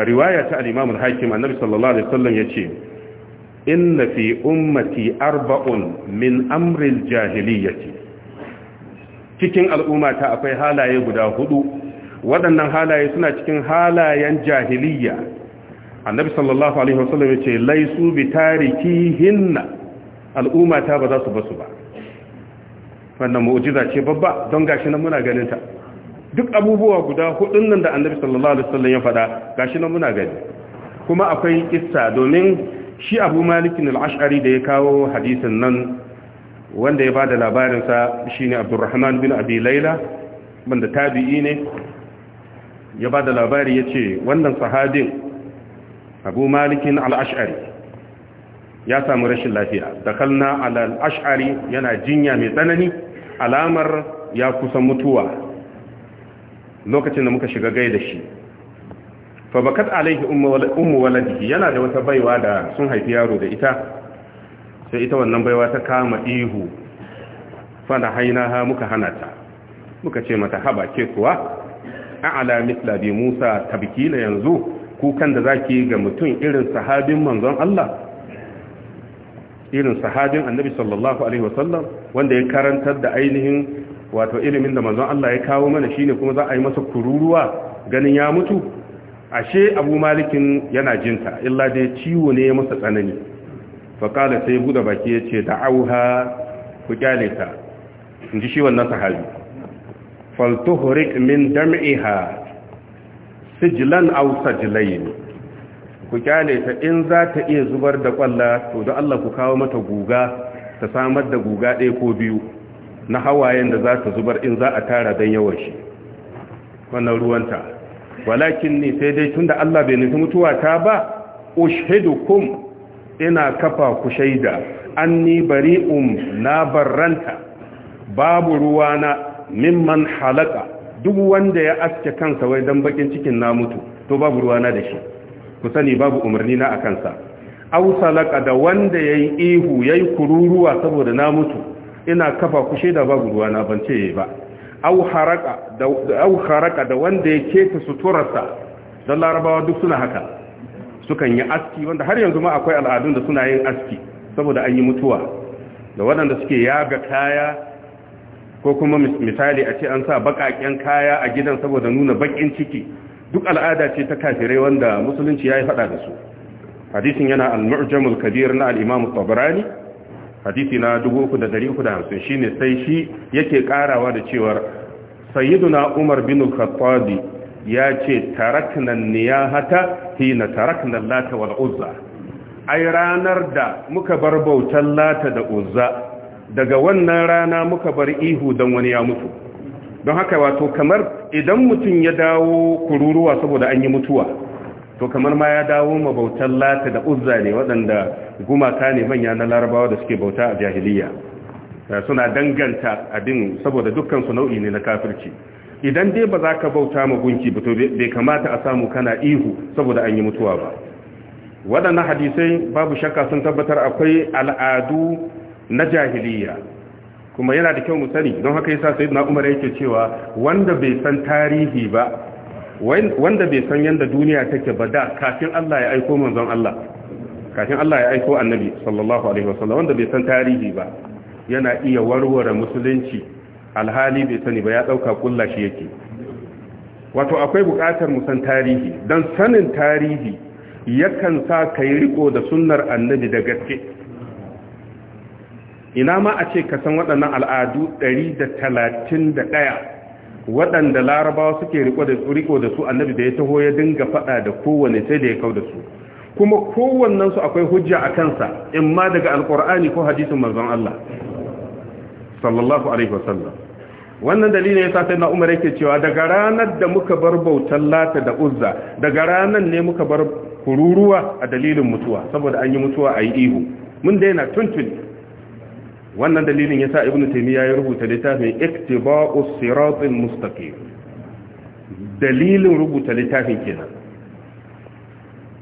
riwaya ta al-Imam al-Hakim annabi sallallahu alaihi wasallam yace inna fi ummati arba'un min amri al-jahiliyyati cikin al'umma ta akwai halaye guda hudu waɗannan halaye suna cikin halayen jahiliya annabi sallallahu alaihi wasallam yace laisu bi tarikihinna al'umma ta ba za su basu ba wannan mu'jiza ce babba don gashi nan muna ganin ta duk abubuwa guda hudun nan da annabi sallallahu alaihi wasallam ya faɗa gashi nan muna gani kuma akwai kissa domin shi abu malikin al-ash'ari da ya kawo hadisin nan wanda ya bada labarinsa shine abdurrahman bin abi laila wanda tabi'i ne ya bada labari ya ce wannan sahabin abu malikin al ya samu rashin lafiya Da kalna al'ashari yana jinya mai tsanani alamar ya kusan mutuwa lokacin da muka shiga gaida shi fa bakat alaihi ummu waladihi yana da wata baiwa da sun haifi yaro da ita sai ita wannan baiwa ta kama ihu fana haina ha muka hana ta muka ce mata haba ke kuwa a'ala misla bi Musa tabkila yanzu kukan da zaki ga mutum irin sahabin manzon Allah irin sahabin annabi sallallahu alaihi wasallam wanda ya karantar da ainihin wato ilimin da manzon Allah ya kawo mana shine kuma za a yi masa kururuwa ganin ya mutu ashe Abu Malikin yana jinta illa dai ciwo ne ya masa tsanani faƙala sai buɗe baki ya ce da auha ku kyale ta in ji shi wannan sahabi faltuhurik min dam'iha sijilan aw sajlayn ku kyale ta in za ta iya zubar da kwalla to da Allah ku kawo mata guga ta samar da guga ɗaya ko biyu na hawayen da za ta zubar in za a tara don yawan shi wannan ruwanta walakin ni sai dai tunda Allah bai nufi mutuwa ta ba ushidukum ina kafa ku shaida anni bari'um na barranta babu ruwana mimman halaka duk wanda ya aske kansa wai dan bakin cikin na mutu to babu ruwana da shi ku sani babu umarni na a kansa au salaka da wanda yayi ihu yayi kururuwa saboda na mutu ina kafa ku shaida babu ruwana ban ce ba au haraka da wanda ya keta suturarsa dan larabawa duk suna haka sukan yi aski wanda har yanzu ma akwai al'adun da suna yin aski saboda an yi mutuwa da waɗanda suke yaga kaya ko kuma misali a ce an sa baƙaƙen kaya a gidan saboda nuna baƙin ciki duk al'ada ce ta kafirai wanda musulunci ya yi faɗa da su hadisin yana al-mu'jamul kabir na al-imam tabarani hadisi na 3350 shine sai shi yake karawa da cewar sayyiduna umar bin al-khattabi ya ce taraknan hata hina taraknan lata wal uzza ai ranar da muka bar bautan lata da uzza daga wannan rana muka bar ihu dan wani ya mutu don haka wato kamar idan mutum ya dawo kururuwa saboda an yi mutuwa to kamar ma ya dawo ma bautan lata da uzza ne waɗanda gumaka ne manya na larabawa da suke bauta a jahiliya suna danganta abin saboda dukkan su nau'i ne na kafirci idan dai ba za ka bauta ma gunki ba to bai kamata a samu kana ihu saboda an yi mutuwa ba waɗannan hadisai babu shakka sun tabbatar akwai al'adu na jahiliya kuma yana da kyau mu sani don haka yasa sayyidina Umar yake cewa wanda bai san tarihi ba wanda bai san yanda duniya take ba da kafin Allah ya aiko manzon Allah kafin Allah ya aiko annabi sallallahu alaihi wasallam wanda bai san tarihi ba yana iya warware musulunci alhali bai sani ba ya ɗauka kulla shi yake wato akwai bukatar musan tarihi dan sanin tarihi yakan sa kai riko da sunnar annabi da gaske ina ma a ce ka san waɗannan al'adu 131 waɗanda larabawa suke riko da su annabi da ya taho ya dinga faɗa da kowane sai da ya kau da su kuma su akwai hujja a kansa in ma daga alƙur'ani ko hadisin manzon Allah sallallahu alaihi wasallam wannan dalilin ya sa sai na umar yake cewa daga ranar da muka bar bautan lata da uzza daga ranar ne muka bar kururuwa a dalilin mutuwa saboda an yi mutuwa a yi ihu mun daina tuntun. wannan dalilin ya sa Ibn taymiya ya rubuta littafin iktiba'u siratil mustaqim dalilin rubuta littafin kenan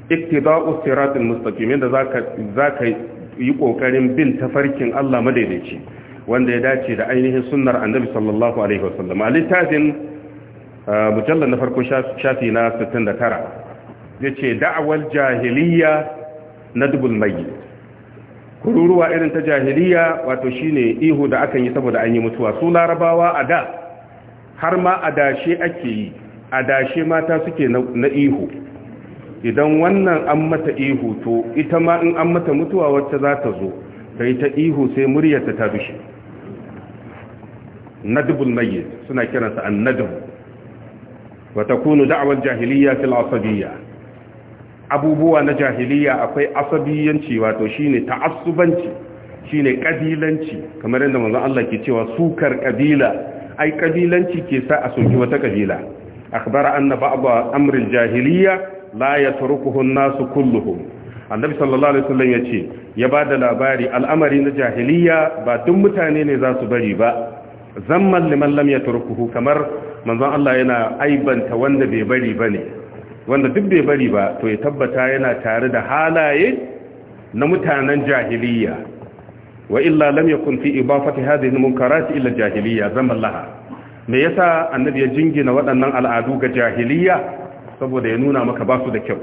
iktiba'u siratil mustaqim yanda zaka zaka yi kokarin bin tafarkin Allah madaidaici wanda ya dace da ainihin sunnar annabi sallallahu alaihi wasallam a littafin uh, mujallar na farko shafi na 69 ya ce da'awar jahiliya na dubul mai kururuwa irin ta jahiliya wato shine ihu da akan yi saboda an yi mutuwa su larabawa a da har ma a ake yi a dashe mata suke na ihu idan wannan an mata ihu to ita ma in an mata mutuwa wacce za ta zo ta ta ihu sai muryarta ta dushe nadbul mayyit suna kiransa annadb wa takunu da'wal jahiliyya fil asabiyya abubuwa na jahiliyya akwai asabiyanci wato shine ta'assubanci shine kabilanci kamar yadda manzon Allah ke cewa sukar kabila ai kabilanci ke sa a soki wata kabila akhbara anna ba'd amril jahiliyya la yatrukuhu an-nasu kulluhum annabi sallallahu alaihi wasallam yace ya bada labari al'amari na jahiliyya ba duk mutane ne za su bari ba zamman liman lam turkuhu kamar manzon Allah yana aibanta wanda bai bari bane wanda duk bai bari ba to ya tabbata yana tare da halaye na mutanen jahiliya wa illa lam yakun fi ibafati hadhihi almunkarat illa jahiliya zamman laha me yasa annabi ya jingina waɗannan al'adu ga jahiliya saboda ya nuna maka basu da kyau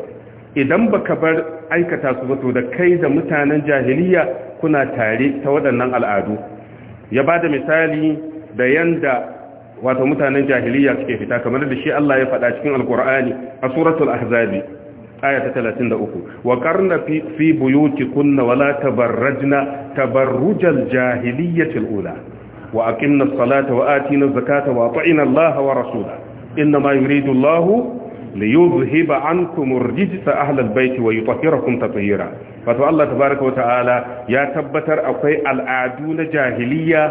idan baka bar aikata su ba to da kai da mutanen jahiliya kuna tare ta waɗannan al'adu ya ba da misali da yanda wato mutanen jahiliya suke fita kamar da shi Allah ya faɗa cikin alkur'ani a suratul ahzabi talatin da 33 wa qarna fi buyutikunna wa la tabarrajna tabarrujal jahiliyyatil ula wa aqimna as-salata wa atina az-zakata wa atina Allah wa rasula inma yuridu Allah ليذهب عنكم الرجس أهل البيت ويطهركم تطهيرا فتو الله تبارك وتعالى يا تبتر أقوي الأعدون jahiliya.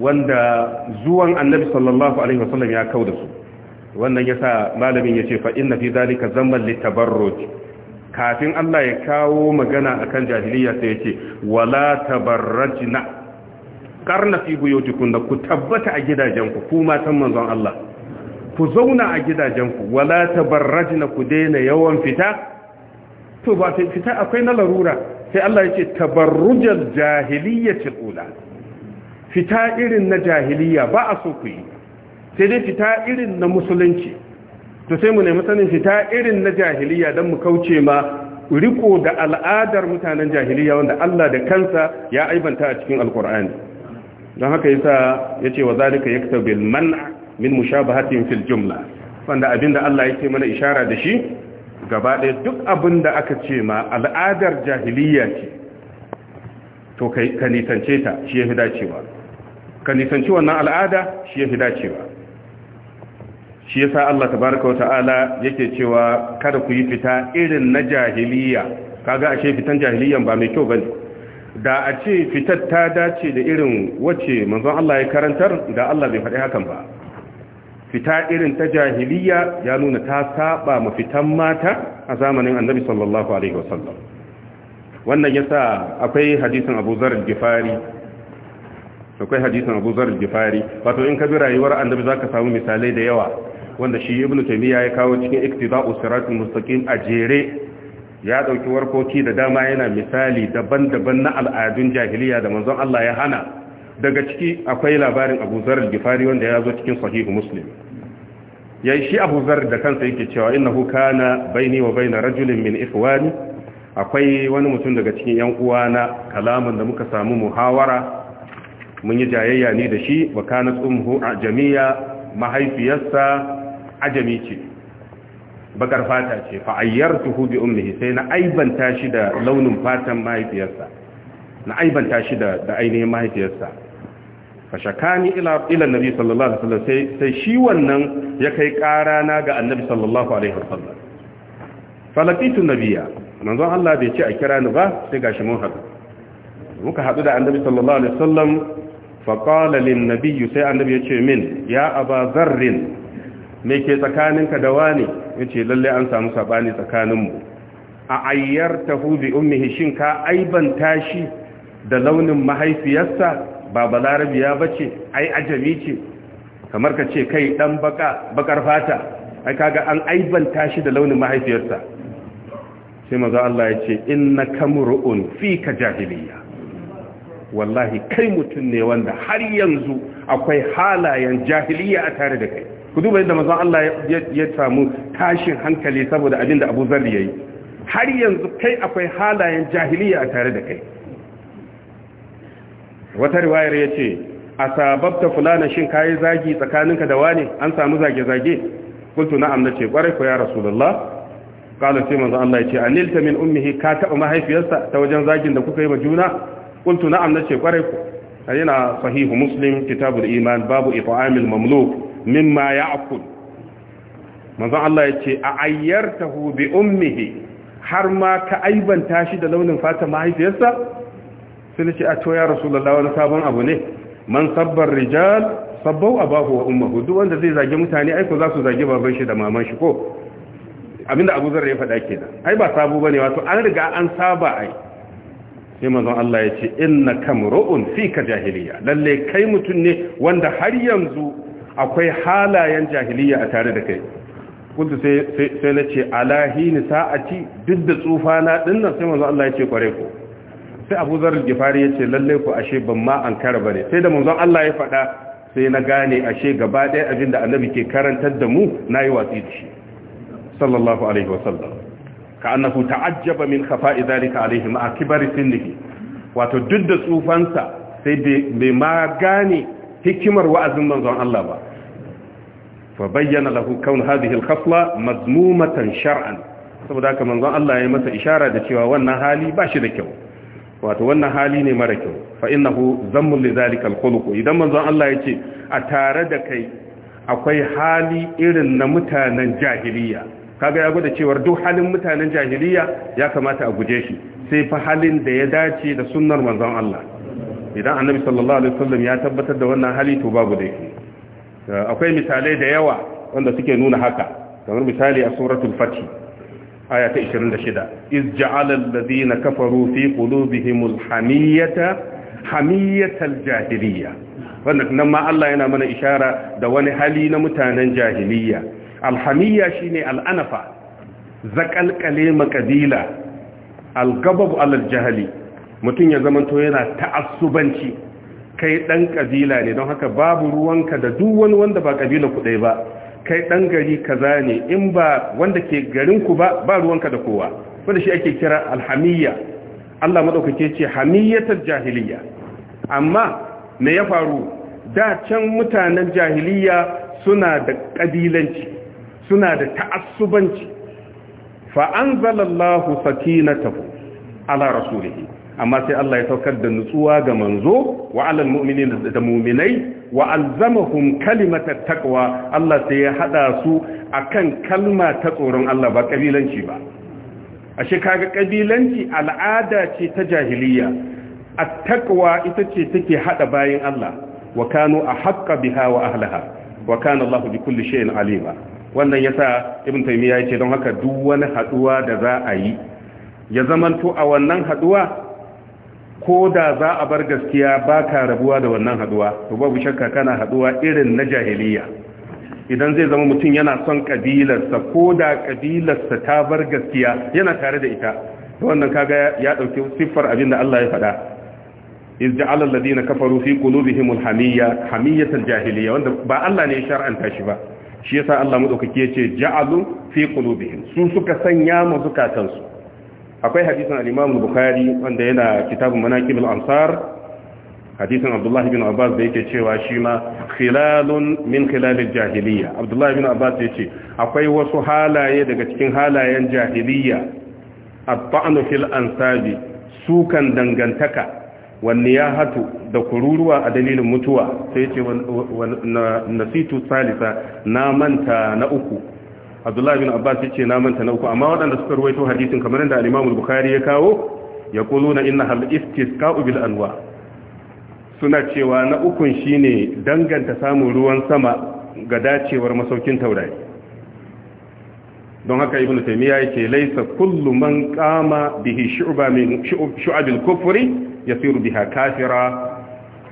wanda zuwan annabi sallallahu alaihi wasallam ya kau da su wannan yasa malamin yace fa inna fi zalika zamman litabarruj kafin Allah ya kawo magana akan jahiliya sai yace wala tabarrajna karna fi da ku tabbata a gidajenku ku matan manzon Allah ku zauna a gidajenku wala tabarrajna ku daina yawan fita to ba fita akwai na larura sai Allah yace tabarrujal jahiliyyatil ula fita irin na jahiliya ba a so ku yi sai dai fita irin na musulunci to sai mu nemi sanin fita irin na jahiliya don mu kauce ma riko da al'adar mutanen jahiliya wanda Allah da kansa ya aibanta a cikin alkur'ani don haka yasa yace wa zalika yaktabil man'a min mushabahatin fil jumla wanda abinda Allah yake mana ishara da shi gaba ɗaya duk abinda aka ce ma al'adar jahiliya ce to ka nisance ta shi yafi dacewa ka nisanci wannan al'ada shi ya fi dacewa shi yasa Allah tabaraka wa ta'ala yake cewa kada ku yi fita irin na jahiliya kaga ashe fitan jahiliyan ba mai kyau ba da a ce fitar ta dace da irin wacce manzon Allah ya karantar da Allah bai faɗi hakan ba fita irin ta jahiliya ya nuna ta saba ma fitan mata a zamanin annabi sallallahu alaihi wasallam wannan yasa akwai hadisin Abu Zar al akwai hadisin Abu Zar Gifari wato in ka bi rayuwar annabi zaka samu misalai da yawa wanda shi Ibn Taymiyyah ya kawo cikin Iqtida'us Siratul Mustaqim a jere ya dauki warkoki da dama yana misali daban-daban na al'adun jahiliya da manzon Allah ya hana daga ciki akwai labarin Abu Zar Gifari wanda ya zo cikin Sahih Muslim yayi shi Abu Zar da kansa yake cewa innahu kana baini wa baina rajulin min ikhwani akwai wani mutum daga cikin yan uwana kalamin da muka samu muhawara mun yi jayayya ni da shi wa kanat umhu ajamiya mahaifiyarsa ajami ce bakar fata ce fa ayyartuhu bi ummihi sai na aibanta shi da launin fatan mahaifiyarsa na aibanta shi da da ainihin mahaifiyarsa fa shakani ila ila nabi sallallahu alaihi wasallam sai sai shi wannan ya kai ƙara na ga annabi sallallahu alaihi wasallam falaqitu nabiyya manzon Allah bai ce a kira ni ba sai gashi mun haɗu muka haɗu da annabi sallallahu alaihi wasallam faƙala lin nabiyyu sai annabi ya ce min ya aba zarrin me ke tsakaninka da wani ya ce lalle an samu saɓani tsakaninmu a ayyar tahu bi ummihi shin ka aibanta shi da launin mahaifiyarsa ba Larabiya ba ce ai ajami ce kamar ka ce kai ɗan bakar fata ai kaga an aibanta shi da launin mahaifiyarsa sai maza Allah ya ce inna kamru'un fika jahiliya wallahi kai mutum ne wanda har yanzu akwai halayen jahiliya a tare da kai ku duba yadda mazan Allah ya samu tashin hankali saboda abin da Abu ya yi. har yanzu kai akwai halayen jahiliya a tare da kai wata riwayar yace asababta fulana shin kayi zagi tsakaninka da wani an samu zage zage kuntu na'am nace kwarai ko ya rasulullah qala sai mazan Allah yace anilta min ummihi ka taɓa mahaifiyarsa ta wajen zagin da kuka yi ma juna qultu na nace kwarai ku yana sahihu muslim kitabul iman babu it'amil mamluk mimma ya'kul manzo Allah ce a ayyartahu bi ummihi har ma ka aibanta shi da launin fata mahaifiyarsa sai nace a to ya rasulullahi wani sabon abu ne man sabbar rijal sabbau abahu wa ummuhu duk wanda zai zage mutane ai ko za su zage baban shi da maman shi ko abinda Abu Zar ya ai ba sabo bane wato an riga an saba sai manzon Allah ya ce inna kamru'un fika jahiliya lalle kai mutun ne wanda har yanzu akwai halayen jahiliya a tare da kai kuntu sai sai nace alahi ni sa'ati duk da tsufa na dinnan sai manzon Allah ya ce kware ko sai Abu Zar al-Ghifari ya ce lalle ko ashe ban ma an kara bane sai da manzon Allah ya faɗa sai na gane ashe gaba ɗaya abinda annabi ke karantar da mu nayi watsi da shi sallallahu alaihi wasallam kannahu ta'ajjaba min khafa'i dhalika alaihim akbar sinnihi wato duk da tsufansa sai bai ma gane hikimar wa'azin manzon Allah ba fa bayyana lahu kaun hadhihi al-khasla mazmumatan shar'an saboda haka manzon Allah ya masa ishara da cewa wannan hali ba shi da kyau wato wannan hali ne mara kyau fa innahu zammun li zalika al-khuluq idan manzon Allah ya ce a tare da kai akwai hali irin na mutanen jahiliya kaga ya gwada cewar duk halin mutanen jahiliya ya kamata a guje shi sai fa halin da ya dace da sunnar manzon Allah idan annabi sallallahu alaihi wasallam ya tabbatar da wannan hali to babu da yake akwai misalai da yawa wanda suke nuna haka kamar misali a suratul fatih aya ta 26 iz ja'ala alladhina kafaru fi qulubihimul hamiyata hamiyatal jahiliya wannan nan ma Allah yana mana ishara da wani hali na mutanen jahiliya alhamiya shine al'anafa zakalkale makadila algababu alal mutum ya zamanto yana ta'assubanci kai ɗan kabila ne don haka babu ruwanka da duk wani wanda ba kabila ku ba kai ɗan gari kaza ne in ba wanda ke garinku ba ba ruwanka da kowa wanda shi ake kira alhamiyya Allah madaukake ce hamiyatar jahiliya amma me ya faru da can mutanen jahiliya suna da ƙabilanci. suna da ta'assubanci fa anzalallahu sakinatahu ala rasulihi amma sai Allah ya saukar da nutsuwa ga manzo wa alal da mu'minai wa alzamahum kalimatat taqwa Allah sai ya hada su akan kalma ta tsoron Allah ba kabilanci ba ashe kaga kabilanci al'ada ce ta jahiliya at-taqwa ita ce take hada bayin Allah wa kanu ahqqa biha wa ahliha wa kana Allah bi kulli shay'in alima wannan yasa ibn taymiya ce don haka duk wani haduwa da za a yi ya zamanto a wannan haduwa ko da za a bar gaskiya baka rabuwa da wannan haduwa to babu shakka kana haduwa irin na jahiliya idan zai zama mutum yana son kabilarsa ko da kabilarsa ta bar gaskiya yana tare da ita to wannan kaga ya ɗauki siffar abin da Allah ya faɗa iz ja'ala alladhina kafaru fi qulubihim alhamiyya wanda ba Allah ne ya shar'anta shi ba shi yasa Allah madaukaki yace ja'alu fi qulubihim su suka sanya mu zukatansu akwai hadisin al-Imam Bukhari wanda yana kitabun Manaqib al-Ansar hadisin Abdullah ibn Abbas da yake cewa shi ma khilalun min khilal al-jahiliyya Abdullah ibn Abbas yace akwai wasu halaye daga cikin halayen jahiliyya at-ta'nu fil ansabi sukan dangantaka wanne ya hatu da kururuwa a dalilin mutuwa sai ce nasitu salisa na manta na uku abdullahi bin abbas ya ce na manta na uku amma waɗanda suka ruwaito hadisin kamar da alimamu bukari ya kawo ya kulu na inna hal istisqa'u bil anwa suna cewa na ukun shine danganta samun ruwan sama ga dacewar masaukin taurari don haka ibn taymiya yake laysa kullu man qama bihi shu'ba min shu'abil kufri yasiru biha kafira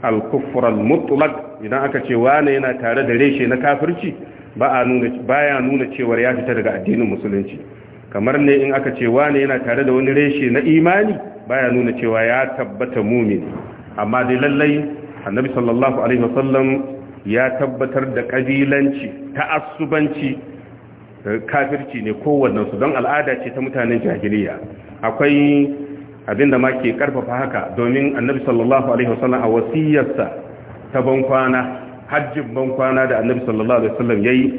al kufra al-mutlaq idan aka ce wane yana tare da reshe na kafirci ba a nuna baya nuna cewa ya fita daga addinin musulunci kamar ne in aka ce wane yana tare da wani reshe na imani baya nuna cewa ya tabbata mumin amma dai lallai annabi sallallahu alaihi wasallam ya tabbatar da kabilanci ta'assubanci kafirci ne kowannen su don al'ada ce ta mutanen jahiliya akwai abinda ma ke karfafa haka domin annabi sallallahu alaihi wasallam a wasiyarsa ta bankwana hajjin bankwana da annabi sallallahu alaihi wasallam yayi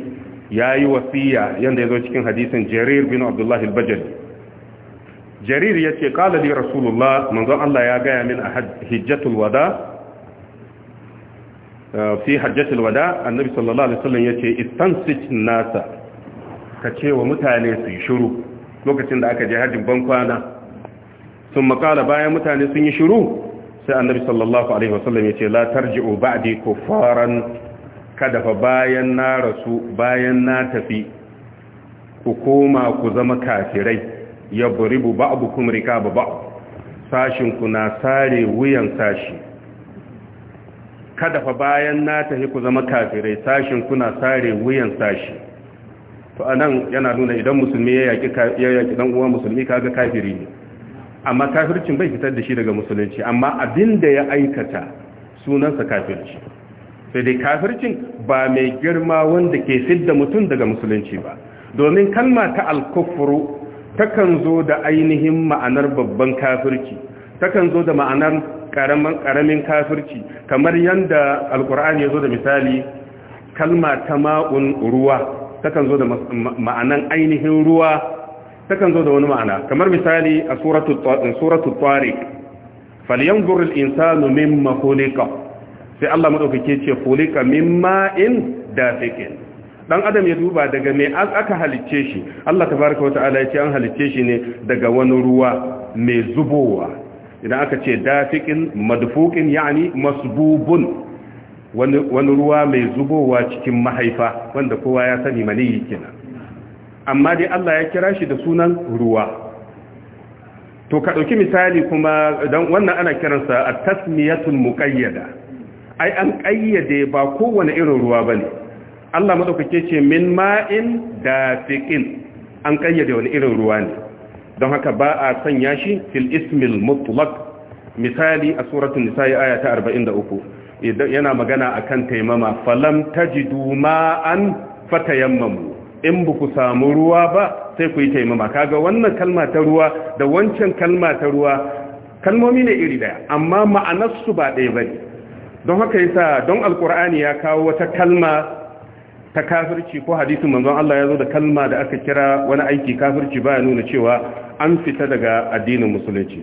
yayi wasiya yanda yazo cikin hadisin jarir bin abdullah al-bajali jarir yace qala li rasulullah manzon Allah ya gaya min a hajjatul wada eh, fi hajjatul wada annabi sallallahu alaihi wasallam yace istansich nasa ka ce wa mutane su yi shiru lokacin da aka je hajjin bankwana sun makala bayan mutane sun yi shiru sai annabi sallallahu alaihi wasallam ya ce la tarji'u ba'di kuffaran kada fa bayan na rasu bayan na tafi ku koma ku zama kafirai ya buribu ba'dukum rika ba sashin Sashinku na sare wuyan sashi kada fa bayan na tafi ku zama kafirai sashinku na sare wuyan sashi to anan yana nuna idan musulmi ya yaƙi ya yaki dan uwa musulmi kaga kafiri ne amma kafircin bai fitar da shi daga musulunci amma abin da ya aikata sunansa kafirci sai dai kafircin ba mai girma wanda ke fidda mutum daga musulunci ba domin kalma ta alkufuru takan zo da ainihin ma'anar babban kafirci takan zo da ma'anar karamin kafirci kamar yadda alkur'ani ya zo da misali kalma ta ma'un ruwa takan zo da ma'anan ainihin ruwa takan zo da wani ma'ana kamar misali a suratul tariq falyanzur al-insanu mimma khuliqa sai Allah madaukake ce khuliqa mimma in dafiqin dan adam ya duba daga me aka halicce shi Allah tabaaraka wataala ya ce an halicce shi ne daga wani ruwa mai zubowa idan aka ce dafiqin madfuqin yani masbubun wani ruwa mai zubowa cikin mahaifa wanda kowa ya sani maniyi kenan amma dai Allah ya kira shi da sunan ruwa to ka ɗauki misali kuma don wannan ana kiransa a tasmiyatul muqayyada ai an ƙayyade ba kowane irin ruwa bane Allah maɗaukake ce min ma'in da an ƙayyade wani irin ruwa ne don haka ba a sanya shi fil ismil mutlaq misali a suratun nisa'i aya ta 43 yana magana akan taimama falam tajidu ma'an fatayammamu in ba ku samu ruwa ba sai ku yi taimama kaga wannan kalma ta ruwa da wancan kalma ta ruwa kalmomi ne iri daya amma ma'anarsu ba ɗaya ba don haka yasa don alkur'ani ya kawo wata kalma ta kafirci ko hadisin manzon Allah ya zo da kalma da aka kira wani aiki kafirci ba ya nuna cewa an fita daga addinin musulunci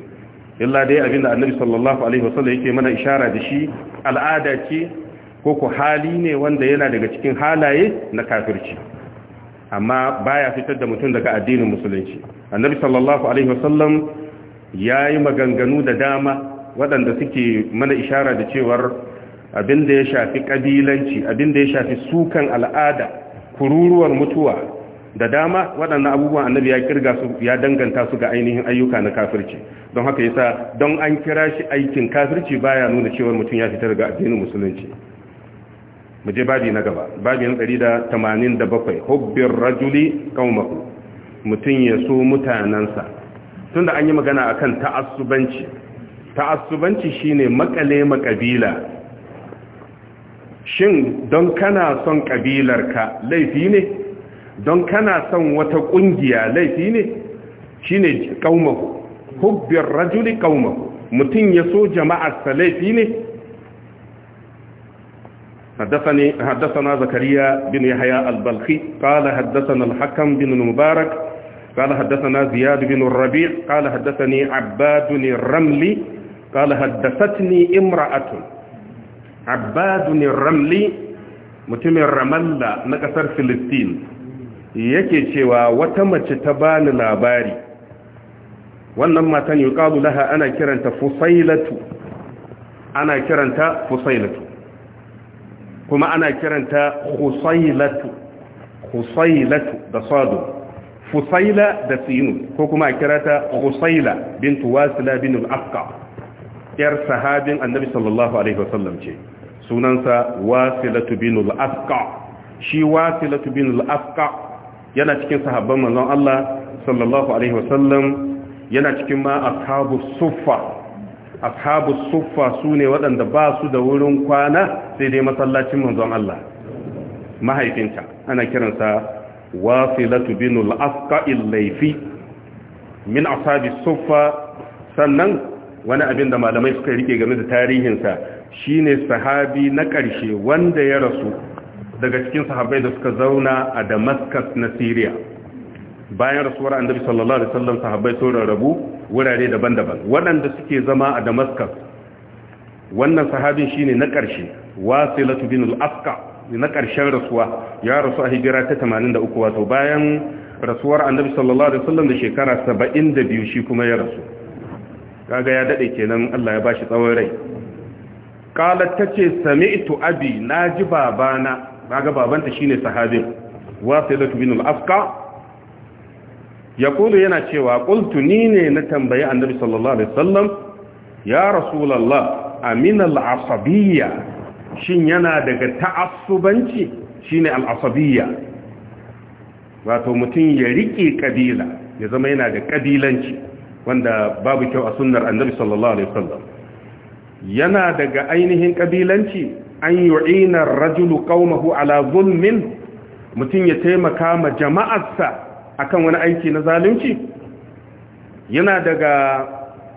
illa dai da annabi sallallahu alaihi wasallam yake mana ishara da shi al'ada ce ko ko hali ne wanda yana daga cikin halaye na kafirci amma baya fitar da mutum daga addinin musulunci annabi sallallahu alaihi wasallam yayi maganganu da dama waɗanda suke mana ishara da cewar abinda ya shafi kabilanci abinda ya shafi sukan al'ada kururuwar mutuwa da dama waɗannan abubuwan annabi ya kirga su ya danganta su ga ainihin ayyuka na kafirci don haka yasa don an kira shi aikin kafirci baya nuna cewar mutum ya fitar daga addinin musulunci mu je babi na gaba na 187 hubbir rajuli qaumahu mutun ya so mutanansa tunda an yi magana akan ta'assubanci ta'assubanci shine makale makabila shin don kana son kabilarka laifi ne don kana son wata kungiya laifi ne shine qaumahu hubbir rajuli qaumahu mutun ya so jama'ar laifi ne حدثني حدثنا زكريا بن يحيى البلخي قال حدثنا الحكم بن المبارك قال حدثنا زياد بن الربيع قال حدثني عباد الرملي قال حدثتني امرأة عباد الرملي متم الرملة نكسر فلسطين yake cewa wata mace ta bani labari wannan matan yuqalu laha ana kiranta fusailatu ana kiranta fusailatu kuma ana kiranta husailatu husailatu da sadu fusaila da sinu ko kuma a kirata husaila bintu wasila bin al-afqa yar sahabin annabi sallallahu alaihi wasallam ce sunansa wasilatu bin al-afqa shi wasilatu bin al-afqa yana cikin sahabban manzon Allah sallallahu alaihi wasallam yana cikin ma ashabu suffa ashabu suffa su ne waɗanda ba su da wurin kwana sai dai masallacin manzon Allah mahaifinta ana kiransa wasilatu binul asqa'il laifi min ashabi suffa sannan wani abin da malamai suka rike game da tarihinsa shine sahabi na ƙarshe wanda ya rasu daga cikin sahabbai da suka zauna a damascus na syria bayan rasuwar annabi sallallahu alaihi wasallam sahabbai sun rarrabu wurare daban-daban waɗanda suke zama a damascus wannan sahabin shine na ƙarshe wasilatu bin al-asqa na ƙarshen rasuwa ya rasu a hijira ta 83 wato bayan rasuwar annabi sallallahu alaihi wasallam da shekara 72 shi kuma ya rasu kaga ya dade kenan Allah ya bashi tsawon rai qalat tace sami'tu abi naji babana kaga babanta shine sahabin wasilatu bin al-asqa yaqulu yana cewa ƙultu ni ne na tambayi annabi sallallahu alaihi sallam ya rasulullah amin al shin yana daga ta'asubanci shine al-asabiyya wato mutum ya rike kabila ya zama yana da kabilanci wanda babu kyau a sunnar annabi sallallahu alaihi sallam yana daga ainihin kabilanci an yu'ina ar-rajulu qaumahu ala zulmin mutum ya taimaka ma jama'arsa akan wani aiki na zalunci yana daga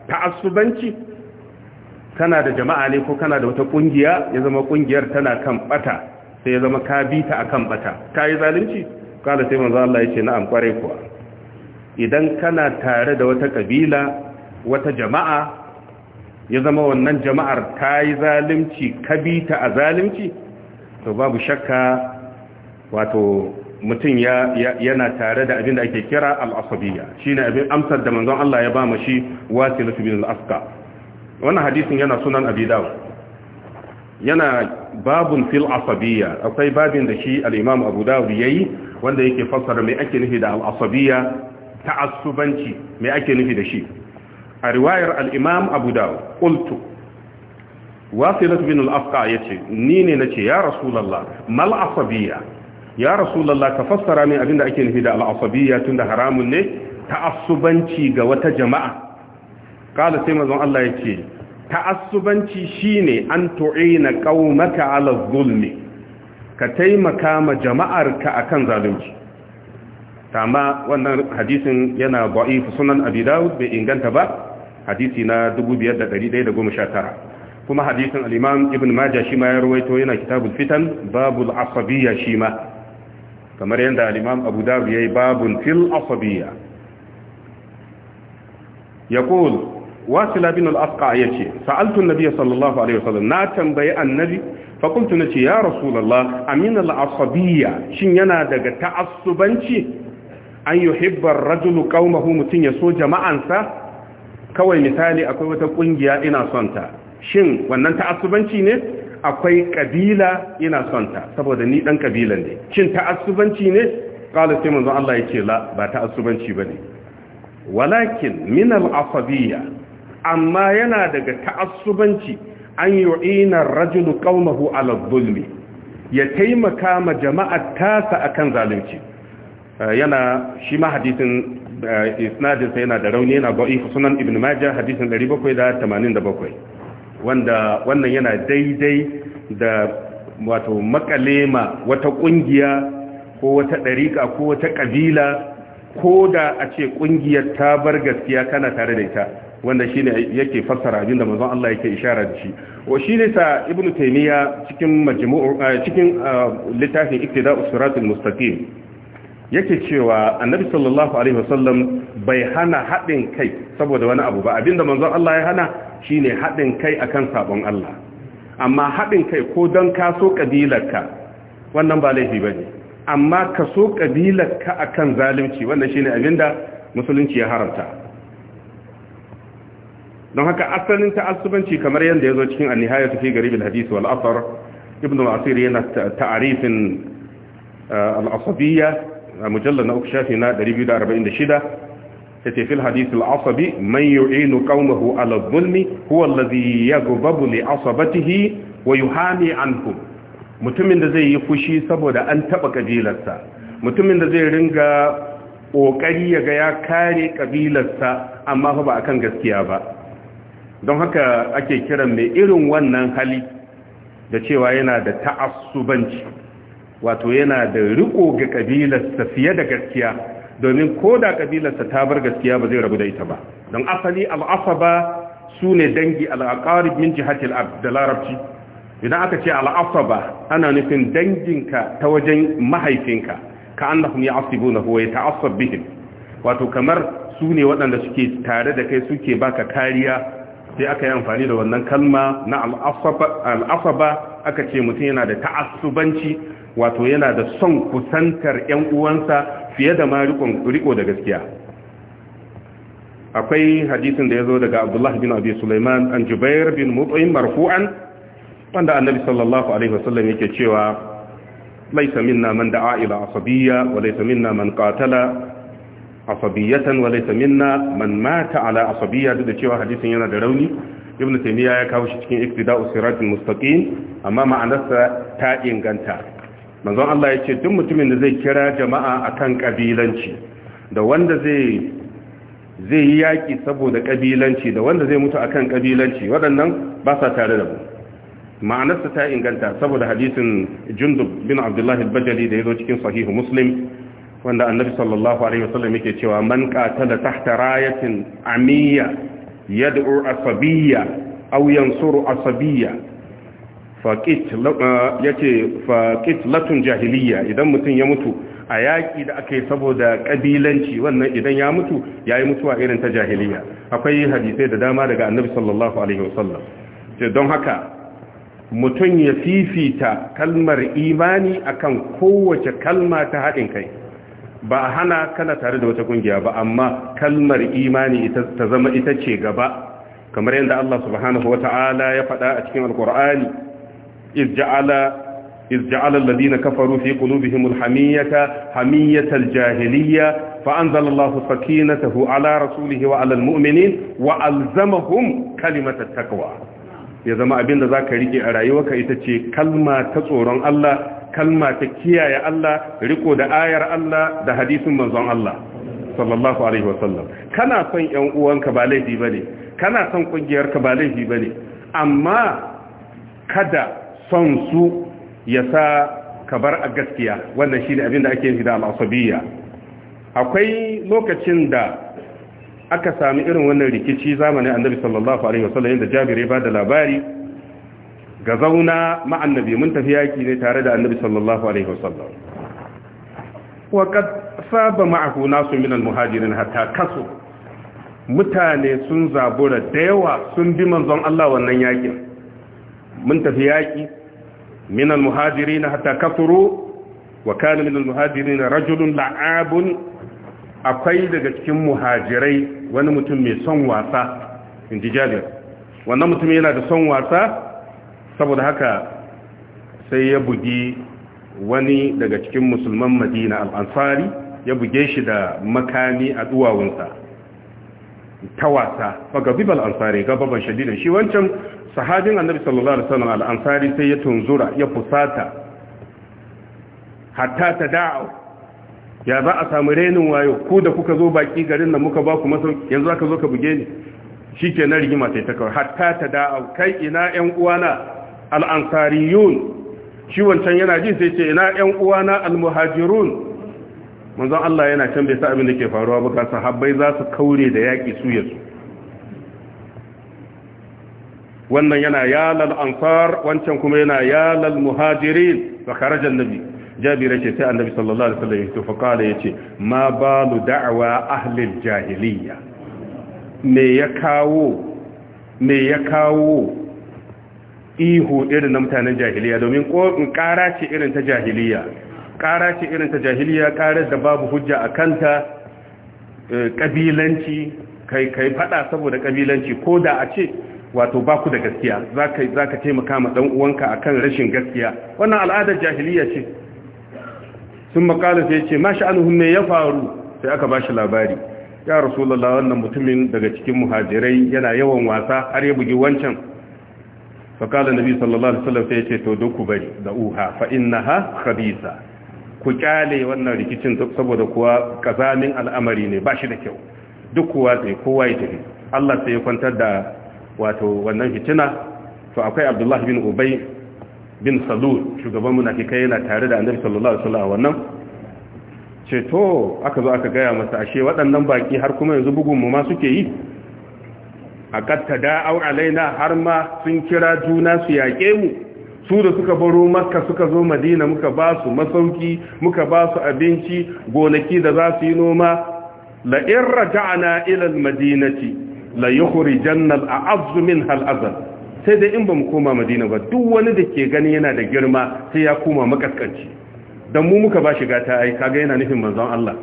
ta'assubanci kana da jama'a ne ko kana da wata kungiya ya zama kungiyar tana kan bata sai ya zama ka bita akan bata kai zalunci kala sai manzo Allah yace na'am kware kuwa idan kana tare da wata kabila wata jama'a ya zama wannan jama'ar kai zalunci ka bita a zalunci to babu shakka wato mutum yana tare da abin da ake kira al'asabiya shi ne abin amsar da manzon Allah ya ba shi wasu bin al'afka wannan hadisin yana sunan abidawa yana babun fil asabiya akwai babin da shi al'imam abu dawud ya yi wanda yake fassara mai ake nufi da al'asabiya ta asubanci mai ake nufi da shi a riwayar al'imam abu dawud ƙultu wasu bin al'afka ya ce ni ne na ce ya rasulallah mal asabiya ya rasulallah ka fassara min abinda ake nufi da al'asabiyya tunda haramun ne ta'assubanci ga wata jama'a kala sai manzon Allah yake ta'assubanci shine an tu'ina qaumaka 'ala zulmi ka taimaka ma jama'arka akan zalunci amma wannan hadisin yana da'if sunan abi daud bai inganta ba hadisi na 5119 kuma hadisin al-imam ibn majah shi ma ya rawaito yana kitabul fitan babul asabiyya shi ma kamar yadda al-imam abu dawud yayi babun fil ya yaqul wasila bin al-asqa yace sa'altun an sallallahu alaihi wasallam na tambayi annabi fakultu na ce ya rasulallah amin al shin yana daga ta'assubanci an yuhibba ar-rajulu ya so jama'an jama'ansa kawai misali akwai wata ƙungiya ina sonta shin wannan ta'assubanci ne akwai kabila ina sonta saboda ni dan kabila ne shin ta'assubanci ne qala sai manzon Allah yake la ba ta'assubanci bane walakin min al amma yana daga ta'assubanci an yu'ina ar-rajulu qaumahu ala dhulmi ya taimaka ma jama'a tasa akan zalunci eh, yana shi ma hadisin eh, sai yana da rauni yana ba'i sunan ibn majah hadisin 787 wanda wannan yana daidai da wato makalema wata kungiya ko wata ɗariƙa ko wata kabila ko da a ce ƙungiyar ta bar gaskiya kana tare da ita wanda shi ne yake fassara abin da mazan Allah yake ishara da shi wa shi ne sa ibn taimiyya cikin cikin littafin iktida usratul mustaqim yake cewa annabi sallallahu alaihi wasallam bai hana haɗin kai saboda wani abu ba abinda manzon Allah ya hana shine haɗin kai akan sabon Allah amma haɗin kai ko don ka so ƙabilarka wannan ba laifi ba ne amma ka so ƙabilarka akan zalunci wannan shine da musulunci ya haramta don haka asalin ta'assubanci kamar yadda ya zo cikin annihaya fi garib al-hadith wal ibn al-asir yana ta'arifin uh, al-asabiyya mujallar na uku shafi na 246 tace fil hadith al-asabi man yu'inu qaumahu ala dhulmi huwa alladhi yaghdabu li asabatihi wa yuhami anhum mutumin da zai yi fushi saboda an taba kabilarsa mutumin da zai ringa kokari ga ya kare kabilarsa amma fa ba akan gaskiya ba don haka ake kiran mai irin wannan hali da cewa yana da ta'assubanci wato yana da riko ga kabilarsa fiye da gaskiya domin ko da kabilarsa ta bar gaskiya ba zai rabu da ita ba don asali al'asaba su ne dangi al'aqarib min jihati da larabci idan aka ce al'asaba ana nufin danginka ta wajen mahaifinka ka Asibu na huwa yata'assab bihim wato kamar su ne waɗanda suke tare da kai suke baka kariya sai aka yi amfani da wannan kalma na al'asaba aka ce mutum yana da ta'asubanci wato yana da son kusantar 'yan uwansa fiye da ma riko da gaskiya akwai hadisin da ya zo daga abdullahi bin abi sulaiman an jubair bin mut'im marfu'an wanda annabi sallallahu alaihi wasallam yake cewa laisa minna man da'a ila asabiyya wa laisa minna man qatala asabiyatan wa laisa minna man mata ala asabiyya duk da cewa hadisin yana da rauni ibnu taymiya ya kawo shi cikin iktida'us siratal mustaqim amma ma'anarsa ta inganta manzon Allah ya ce duk mutumin da zai kira jama'a akan kabilanci da wanda zai yi yaƙi saboda kabilanci da wanda zai mutu akan kabilanci waɗannan ba sa tare da mu ma'anarsa ta inganta saboda hadisin jundub bin abdullahi bajali da zo cikin sahihu muslim wanda annabi sallallahu alaihi wasallam yake cewa man qatala tahta rayatin amiyya yad'u asabiyya aw yansuru asabiyya faƙit uh, latun jahiliya idan mutum ya mutu a yaƙi da aka yi saboda ƙabilanci wannan idan ya mutu ya yi mutuwa irin ta jahiliya akwai hadisai da dama daga annabi sallallahu alaihi wasallam don haka mutum ya fifita kalmar imani akan kowace kalma ta haɗin kai ba a hana kana tare da wata ƙungiya ba amma kalmar imani ta zama ita ce gaba kamar yadda Allah subhanahu wa ta'ala ya faɗa a cikin alkur'ani إذ جعل إذ جعل الذين كفروا في قلوبهم الحمية حمية الجاهلية فأنزل الله سكينته على رسوله وعلى المؤمنين وألزمهم كلمة التقوى ya zama abin da za ka rike a rayuwarka ita ce kalma ta tsoron Allah kalma ta kiyaye Allah riko da ayar Allah da hadisin manzon Allah sallallahu alaihi wasallam kana son ƴan uwanka ba laifi bane kana son kungiyarka ba laifi bane amma kada son su ya sa ka bar a gaskiya wannan shi ne abin da ake yi da al'asabiyya akwai lokacin da aka sami irin wannan rikici zamanin annabi sallallahu alaihi wasallam da jabir ya bada labari ga zauna ma'annabi mun tafi yaki ne tare da annabi sallallahu alaihi wasallam wa qad saba ma'ahu nasu min al-muhajirin hatta kasu mutane sun zabura da yawa sun bi manzon Allah wannan yakin mun tafi yaki min al na hatta kafuru wa na min al rajulun la'abun akwai daga cikin muhajirai wani mutum mai son wasa in jabir wannan mutum yana da son wasa saboda haka sai ya bugi wani daga cikin musulman madina al'ansari ya buge shi da makami a duwawunsa ta wasa ba ga bibal ansari shadidan shi wancan Sahajin annabi sallallahu alaihi wasallam al-ansari sai ya tunzura ya fusata hatta ta da'a ya za a samu renin wayo ku da kuka zo baki garin nan muka ba ku masauki yanzu aka zo ka buge ni shikenan rigima sai ta kawai hatta ta da'a kai ina ƴan uwana al-ansariyun shi wancan yana ji sai ce ina ƴan uwana al-muhajirun manzon Allah yana can bai sa abin da ke faruwa ba ka sahabbai za su kaure da yaki su yasu wannan yana yalal ansar wancan kuma yana yalal muhajirin fa kharaja annabi jabir yace sai annabi sallallahu alaihi wasallam to fa kala yace ma balu da'wa ahli aljahiliyya me ya kawo me ya kawo ihu irin na mutanen jahiliya domin ko in kara ce irin ta jahiliya kara ce irin ta jahiliya karar da babu hujja a kanta kabilanci eh, kai kai fada saboda kabilanci ko da a ce wato ba ku da gaskiya za ka taimaka ma ɗan uwanka a kan rashin gaskiya wannan al'adar jahiliya ce sun makala sai ce mashi anuhun ya faru sai aka ba shi labari ya rasulallah wannan mutumin daga cikin muhajirai yana yawan wasa har ya bugi wancan fakala nabi sallallahu alaihi wasallam sai ce to duk ku bari da uha fa ku kyale wannan rikicin saboda kuwa al'amari ne ba shi da kyau duk kuwa kowa ya tafi Allah sai ya kwantar da wato wannan fitina to akwai abdullahi bin ubay bin salul shugaban munafikai yana tare da annabi sallallahu alaihi wasallam wannan ce to aka zo aka gaya masa ashe waɗannan baki har kuma yanzu bugun mu ma suke yi a katta Au alaina har ma sun kira juna su yaƙe mu su da suka baro makka suka zo madina muka ba su masauki muka ba su abinci gonaki da za su yi noma la'in ta'ana ilal madinati la yukhri jannal aazz minha al sai dai in ba mu koma madina ba duk wani da ke gani yana da girma sai ya koma makaskanci dan mu muka ba shiga ta ai kaga yana nufin manzon Allah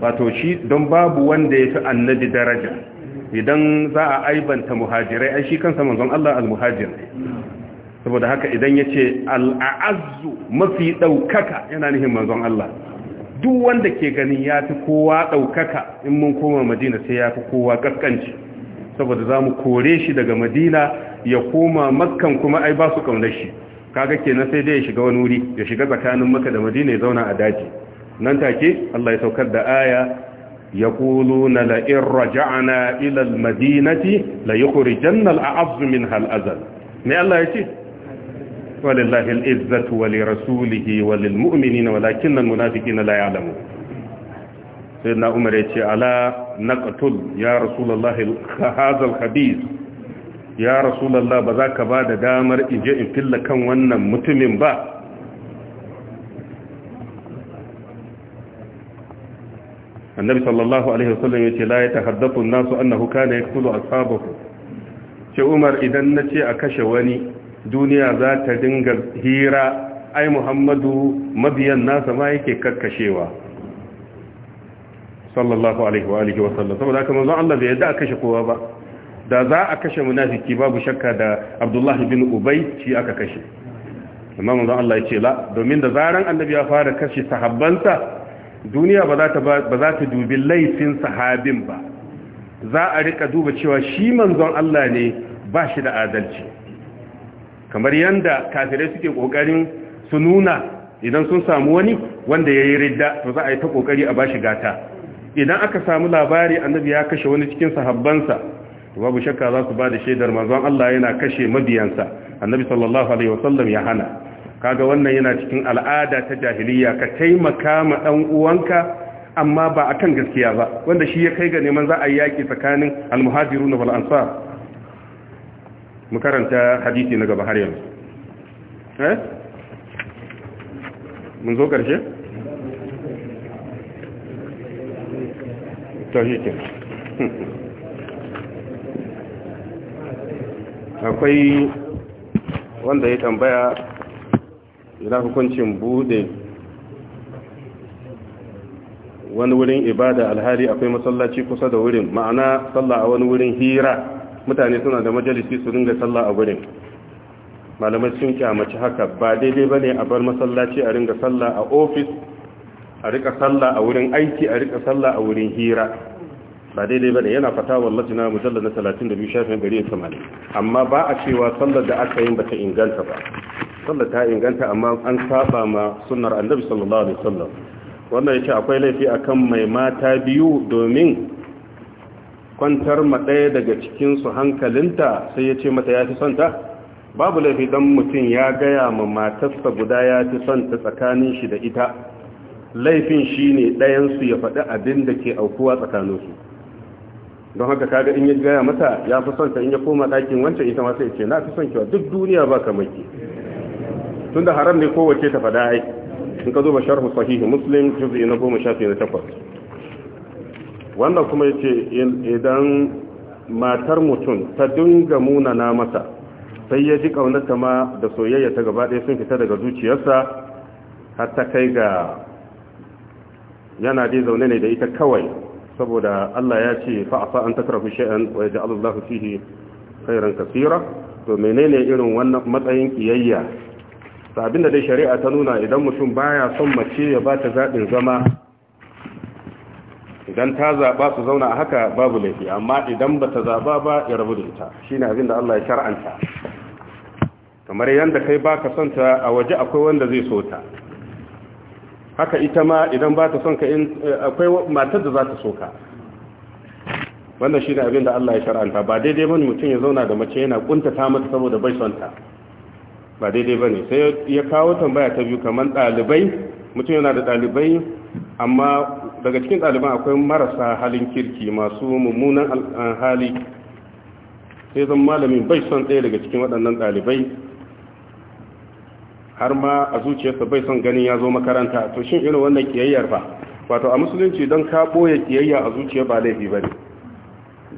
wato shi don babu wanda ya fi annabi daraja idan za a aibanta muhajirai ai shi kansa manzon Allah al-muhajir saboda haka idan yace ce al'azzu mafi ɗaukaka yana nufin manzon Allah duk wanda ke gani ya fi kowa ɗaukaka in mun koma madina sai ya fi kowa ƙasƙanci saboda za mu kore shi daga madina ya koma makkan kuma ai ba su kaunar shi kaga kenan sai dai ya shiga wani wuri ya shiga tsakanin maka da madina ya zauna a daji nan take Allah ya saukar da aya ya kulu na la'in raja'ana ilal madinati la yi kuri jannal a abzu min hal'azal mai Allah ya ce walillahi al'izzatu wa li rasulihi wa lil mu'minina walakin na sai na umar ya ce ala na naqtul ya rasulullah hazal khabith ya rasulullah ba za ka ba da damar in je in filla kan wannan mutumin ba annabi sallallahu alaihi wasallam ce la yatahaddathu an-nasu annahu kana yaqtulu ashabahu ce umar idan na ce a kashe wani duniya za ta dinga hira ai muhammadu mabiyan nasa ma yake kakkashewa sallallahu alaihi wa alihi wa sallam saboda haka manzon Allah bai yadda a kashe kowa ba da za a kashe munafiki babu shakka da Abdullah bin Ubay shi aka kashe amma manzon Allah ya ce la domin da zaran annabi ya fara kashe sahabbansa duniya ba za ta ba za ta dubi laifin sahabin ba za a rika duba cewa shi manzon Allah ne ba shi da adalci kamar yanda kafirai suke kokarin su nuna idan sun samu wani wanda yayi ridda to za a yi ta kokari a bashi gata idan aka samu labari annabi ya kashe wani cikin sahabbansa babu shakka za su ba da shaidar manzon Allah yana kashe mabiyansa annabi sallallahu alaihi wasallam ya hana kaga wannan yana cikin al'ada ta jahiliya ka taimaka ma dan uwanka amma ba akan gaskiya ba wanda shi ya kai ga neman za a yi yaki tsakanin al wal ansar mu karanta hadisi na gaba har yanzu eh mun zo karshe akwai wanda ya tambaya ina hukuncin bude wani wurin ibada alhari akwai masallaci kusa da wurin ma'ana sallah a wani wurin hira mutane suna da majalisi su dinga sallah a wurin malamai sun kyamaci haka ba daidai ba ne a bar masallaci a ringa sallah a ofis a rika sallah a wurin aiki a rika sallah a wurin hira ba daidai bane yana fata wallahi na mujalla na 32 shafin 180 amma ba a cewa sallar da aka yi bata inganta ba sallar ta inganta amma an saba ma sunnar annabi sallallahu alaihi wasallam wannan yace akwai laifi akan mai mata biyu domin kwantar ma ɗaya daga cikin su hankalinta sai yace mata ya fi santa babu laifi dan mutum ya gaya ma matarsa guda ya fi santa tsakanin shi da ita laifin shi ne ɗayansu ya faɗi abin da ke aukuwa tsakanin su don haka kaga in ya gaya mata ya fi son ka in ya koma ɗakin wancan ita masu ce na fi son kiwa duk duniya ba kamar tun tunda haram ne kowace ta faɗa ai in ka zo ba sharhu sahihu muslim juz'i na goma sha na takwas wannan kuma yace idan matar mutum ta dinga muna na mata, sai ya ji kaunarta ma da soyayya ta gaba ɗaya sun fita daga zuciyarsa har ta kai ga yana dai zaune ne da ita kawai saboda Allah ya ce fa asa an takrafu shay'an wa yaj'alu Allahu fihi khairan kaseera to menene irin wannan matsayin kiyayya ta abinda dai shari'a ta nuna idan mutum baya son mace ya ba ta zaɓin zama idan ta zaɓa su zauna a haka babu laifi amma idan ba ta zaɓa ba ya rabu da ita shine abin da Allah ya shar'anta kamar yadda kai baka son ta a waje akwai wanda zai so ta haka ita ma idan ba ta son ka in eh, akwai matar da za ta so ka wannan shi ne abin da Allah ya shar'anta ba daidai bane mutum ya zauna da mace yana ta mata saboda bai son ta ba daidai bane sai ya kawo tambaya ta biyu kaman ɗalibai mutum yana da ɗalibai amma daga cikin ɗaliban akwai marasa halin kirki masu mummunan eh, hali sai zan malamin bai son ɗaya daga cikin waɗannan ɗalibai har ma a zuciyarsa bai son ganin ya zo makaranta to shin irin wannan kiyayyar ba wato a musulunci don ka ɓoye kiyayya a zuciya ba laifi ba ne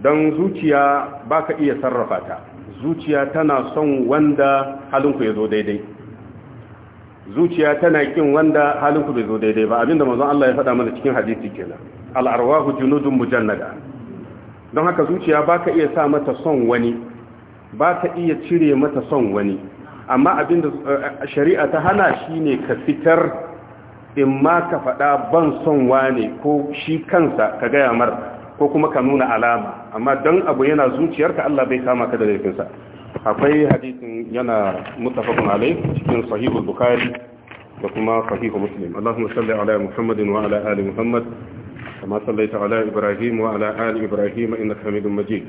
don zuciya ba ka iya sarrafa ta zuciya tana son wanda halinku ya zo daidai zuciya tana kin wanda halinku bai zo daidai ba abinda manzon Allah ya faɗa mana cikin hadisi kenan al-arwahu junudun mujannada don haka zuciya ba ka iya sa mata son wani ba ka iya cire mata son wani amma abinda eh, shari'a ta hana shi ne ka fitar in ma ka faɗa ban son wane ko shi kansa ka gaya mar ko kuma ka nuna alama amma don abu yana zuciyarka Allah bai kama ka da laifinsa akwai hadisin yana mutafakun alai cikin sahihul bukhari da kuma sahihul muslim Allahumma salli ala Muhammadin wa ala ali Muhammad kama sallaita ala Ibrahim wa ala ali Ibrahim innaka Hamidum Majid